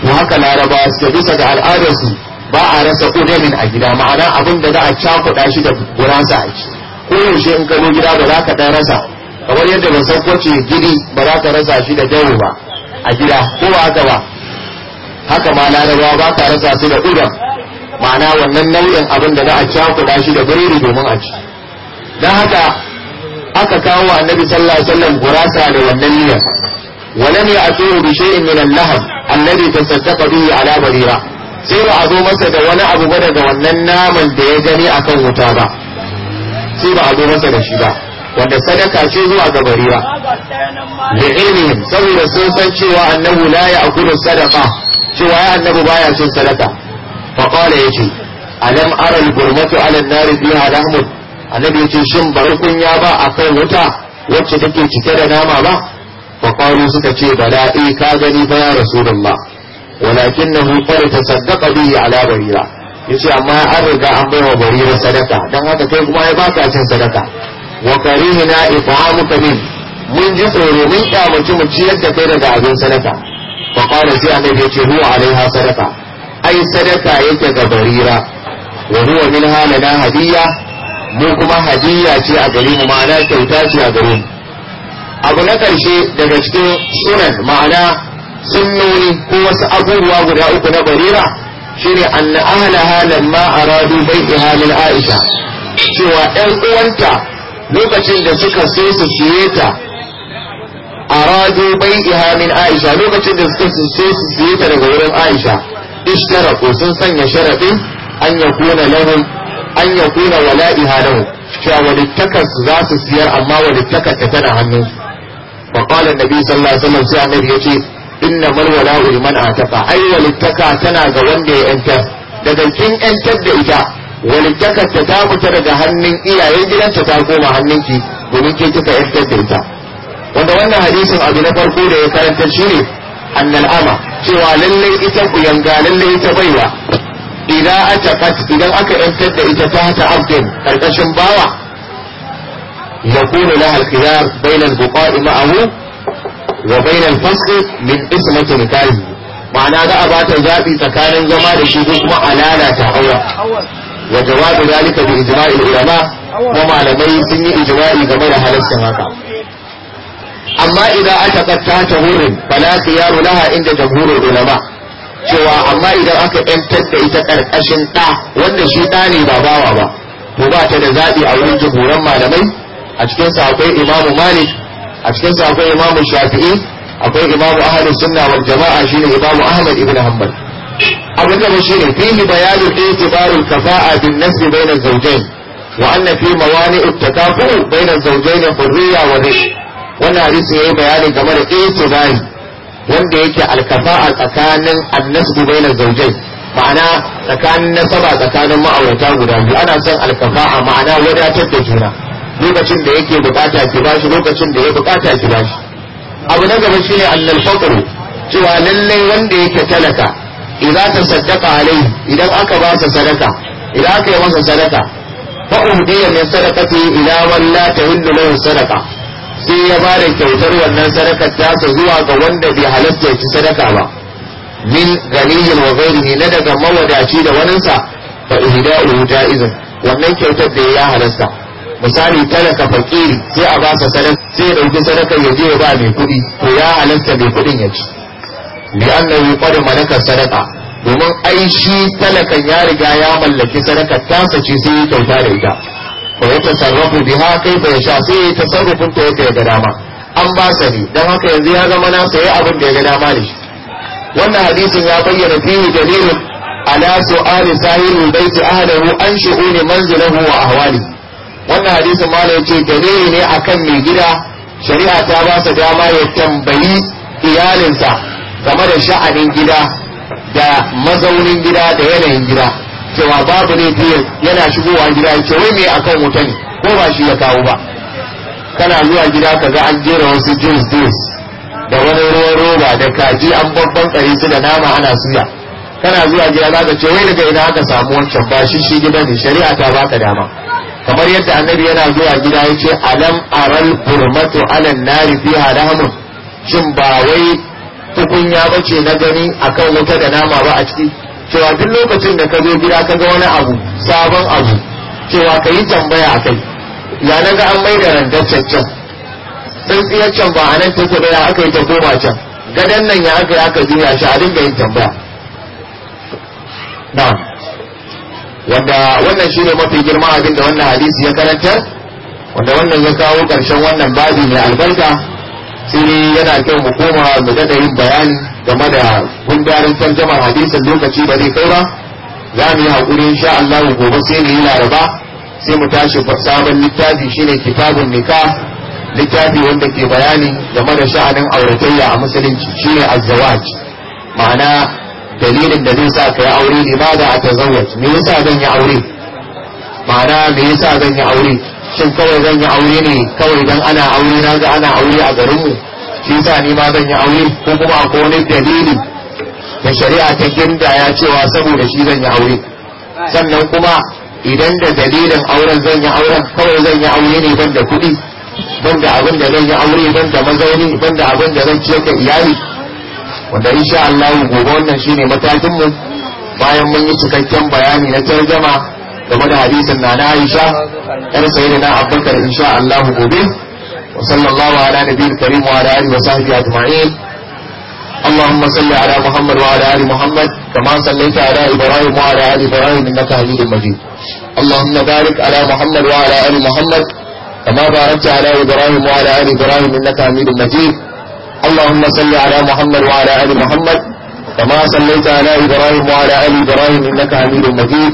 to haka laraba suke bisa ga al'adarsu ba a rasa udanin a gida ma'ana abin da za a cakuɗa shi da gurasa a ci ko yaushe in kano gida ba za ka ɗan rasa kamar yadda ba san kwace gidi ba za ka rasa shi da dawo ba a gida ko ba haka ba haka ma laraba ba ka rasa su da udan ma'ana wannan nau'in abin da za a cakuɗa shi da biriri domin a ci don haka aka kawo wa annabi sallallahu alaihi wasallam gurasa da wannan niyyar ولم يأتوه بشيء من اللحم الذي تصدق به على بريرة sai ba a zo masa da wani abu ba daga wannan naman da ya gani akan wuta ba sai ba a zo masa da shi ba wanda sadaka ce zuwa ga barira da saboda sun san cewa annabu la ya akulu sadaka cewa ya annabu baya cin sadaka faƙala ya ce alam aral gurmatu alan nari biya lahmun annabi ya ce shin bari kunya ba a kan wuta wacce take cike da nama ba faƙalu suka ce bala eh ka gani fa ya rasulullah walakinnahu qad tasaddaqa bihi ala barira yace amma an riga an bari barira sadaka dan haka sai kuma ai baka cin sadaka wa karihina ifhamuka min mun ji tsoro mun kyamaci mu ci da kai daga abin sadaka fa qala sai annabi yace huwa alaiha sadaka ai sadaka yake ga barira wa huwa min halana hadiyya mu kuma hadiyya ce a gare mu ma'ana kyauta ce a gare mu abu na karshe daga cikin sunan ma'ana sunnoni ko wasu abubuwa guda uku na barira shine anna ahlaha ma aradu bai'iha min aisha cewa ɗan uwanta lokacin da suka so su siye ta bai bai'iha min aisha lokacin da suka so su siye ta daga wurin aisha ishtaraku sun sanya sharadin an yakuna lahum an yakuna wala'iha lahum cewa walittakar su za su siyar amma walittakar ta tana hannun su fa qala annabi sallallahu alaihi wasallam sai annabi yace inna mal wala'u liman ataqa ai walittaka tana ga wanda ya yantar daga kin yantar da ita walittakar ta ta fita daga hannun iyayen gidanta ta koma hannunki domin ke kika yantar da ita wanda wannan hadisin abu na farko da ya karanta shi ne annal'ama ama cewa lallai ita ku yanga lallai ita baiwa idan idan aka yantar da ita ta ta abdin karkashin bawa yakunu laha al-khiyar bayna al ma'ahu wa bayna al min ismati nikahi ma'ana za a bata zaɓi tsakanin zama da shi ko kuma alala ta aure. wa jawabu zalika bi ijma'i ulama kuma malamai sun yi ijma'i game da halaccin haka amma idan aka tsatta ta wurin fala khiyaru laha inda jamhurul ulama cewa amma idan aka yantar da ita karkashin ɗa wanda shi ɗa ne ba bawa ba to ba ta da zaɓi a wurin jamhuran malamai a cikin sa akwai imamu malik a cikin sa akwai imamu shafi'i akwai imamu ahlus sunna wal jama'a shine imamu ahmad ibn hanbal abin da shi ne fihi bayanu itibarul kafa'a bin nasbi bainal zawjayn wa anna fi mawani'ut takafu bainal zawjayn hurriya wa rish wannan hadisi yayi bayani game da istizari wanda yake alkafa a tsakanin annasbu na zaujai ma'ana tsakanin nasaba tsakanin ma'aurata guda biyu ana son alkafa a ma'ana wadatar da juna lokacin da yake bukata ki bashi lokacin da ya bukata ki bashi abu na gaba shine annal faqru cewa lallai wanda yake talaka idan ta saddaka alai idan aka ba sa sadaka idan aka yi masa sadaka fa umdiya min sadaqati ila man la tahillu lahu sadaka. sai ya bada kyautar wannan sadakar tasa zuwa ga wanda bai halatta ya ci sadaka ba min ganiyin wa ghairihi na daga mawadaci da waninsa fa ihda'u izin. wannan kyautar da ya halasta misali talaka fakiri sai a basa sadaka sai ya dauki sadakar ya je ya ba mai kuɗi to ya halasta mai kuɗin ya ci li'annahu qad malaka sadaka domin aishi shi talakan ya riga ya mallaki sadakar tasa ce sai ya kyauta da ita wa ya tasarrafu biha kaifa yasha sai ya tasarrufin ta yake ga dama an ba sa ne haka yanzu ya zama nasa abin da ya ga dama ne wannan hadisin ya bayyana fihi dalilin ala su'ali sahibul baiti ahlihi an shu'uni manzilahu wa ahwali wannan hadisin malai yace dalili ne akan mai gida shari'a ta ba sa dama ya tambayi iyalinsa game da sha'anin gida da mazaunin gida da yanayin gida cewa babu laifi yana shigowa gida ya ce wai me akan wuta ne ko ba shi ya kawo ba kana zuwa gida ka ga an jera wasu juice juice da wani ruwan roba da kaji an babban tsare su da nama ana suya kana zuwa gida za ka ce wai daga ina aka samu wancan ba shi shi gida ne shari'a ta baka dama kamar yadda annabi yana zuwa gida ya ce alam aral burmatu alan nari fi shin ba wai tukunya bace na gani akan wuta da nama ba a ciki cewa duk lokacin da ka zo gida ka ga wani abu sabon abu cewa ka yi tambaya a kai ya na ga an mai da randar can sai can ba a nan take ba ya aka yi ta koma can gadon nan ya aka yi aka juya shi a dinga yin tambaya na wanda wannan shi ne mafi girma abin da wannan hadisi ya karantar wanda wannan ya kawo ƙarshen wannan babi mai albarka sai yana kyau mu koma mu daɗa yin bayani game da gundarin tarjamar hadisin lokaci ba zai kai ba za mu yi haƙuri insha Allah gobe sai mu yi laraba sai mu tashi sabon littafi shine kitabun nika littafi wanda ke bayani game da sha'anin auratayya a musulunci shine azzawaj ma'ana dalilin da zai sa ka yi aure ne da a tazawwaj me yasa zan yi aure ma'ana me yasa zan yi aure shin kawai zan yi aure ne kawai dan ana aure na ga ana aure a garin mu shi yasa ni ma zan yi aure ko kuma ko wani dalili da shari'a ta ginda ya cewa saboda shi zan yi aure sannan kuma idan da dalilin auren zan yi auren kawai zan yi aure ne ban da kuɗi ban da abin da zan yi aure ban da mazauni ban da abin da zan ciyar da iyali wanda insha Allah gobe wannan shine matakin mu bayan mun yi cikakken bayani na tarjama game da hadisin na na Aisha yar sayyidina Abubakar insha Allah gobe wa sallallahu ala nabiyil karim wa ala alihi wa sahbihi ajma'in اللهم صل على محمد وعلى ال محمد كما صليت على ابراهيم وعلى ال ابراهيم انك حميد مجيد اللهم بارك على محمد وعلى ال محمد كما باركت على ابراهيم وعلى ال ابراهيم انك حميد مجيد اللهم صل على محمد وعلى ال محمد كما صليت على ابراهيم وعلى ال ابراهيم انك حميد مجيد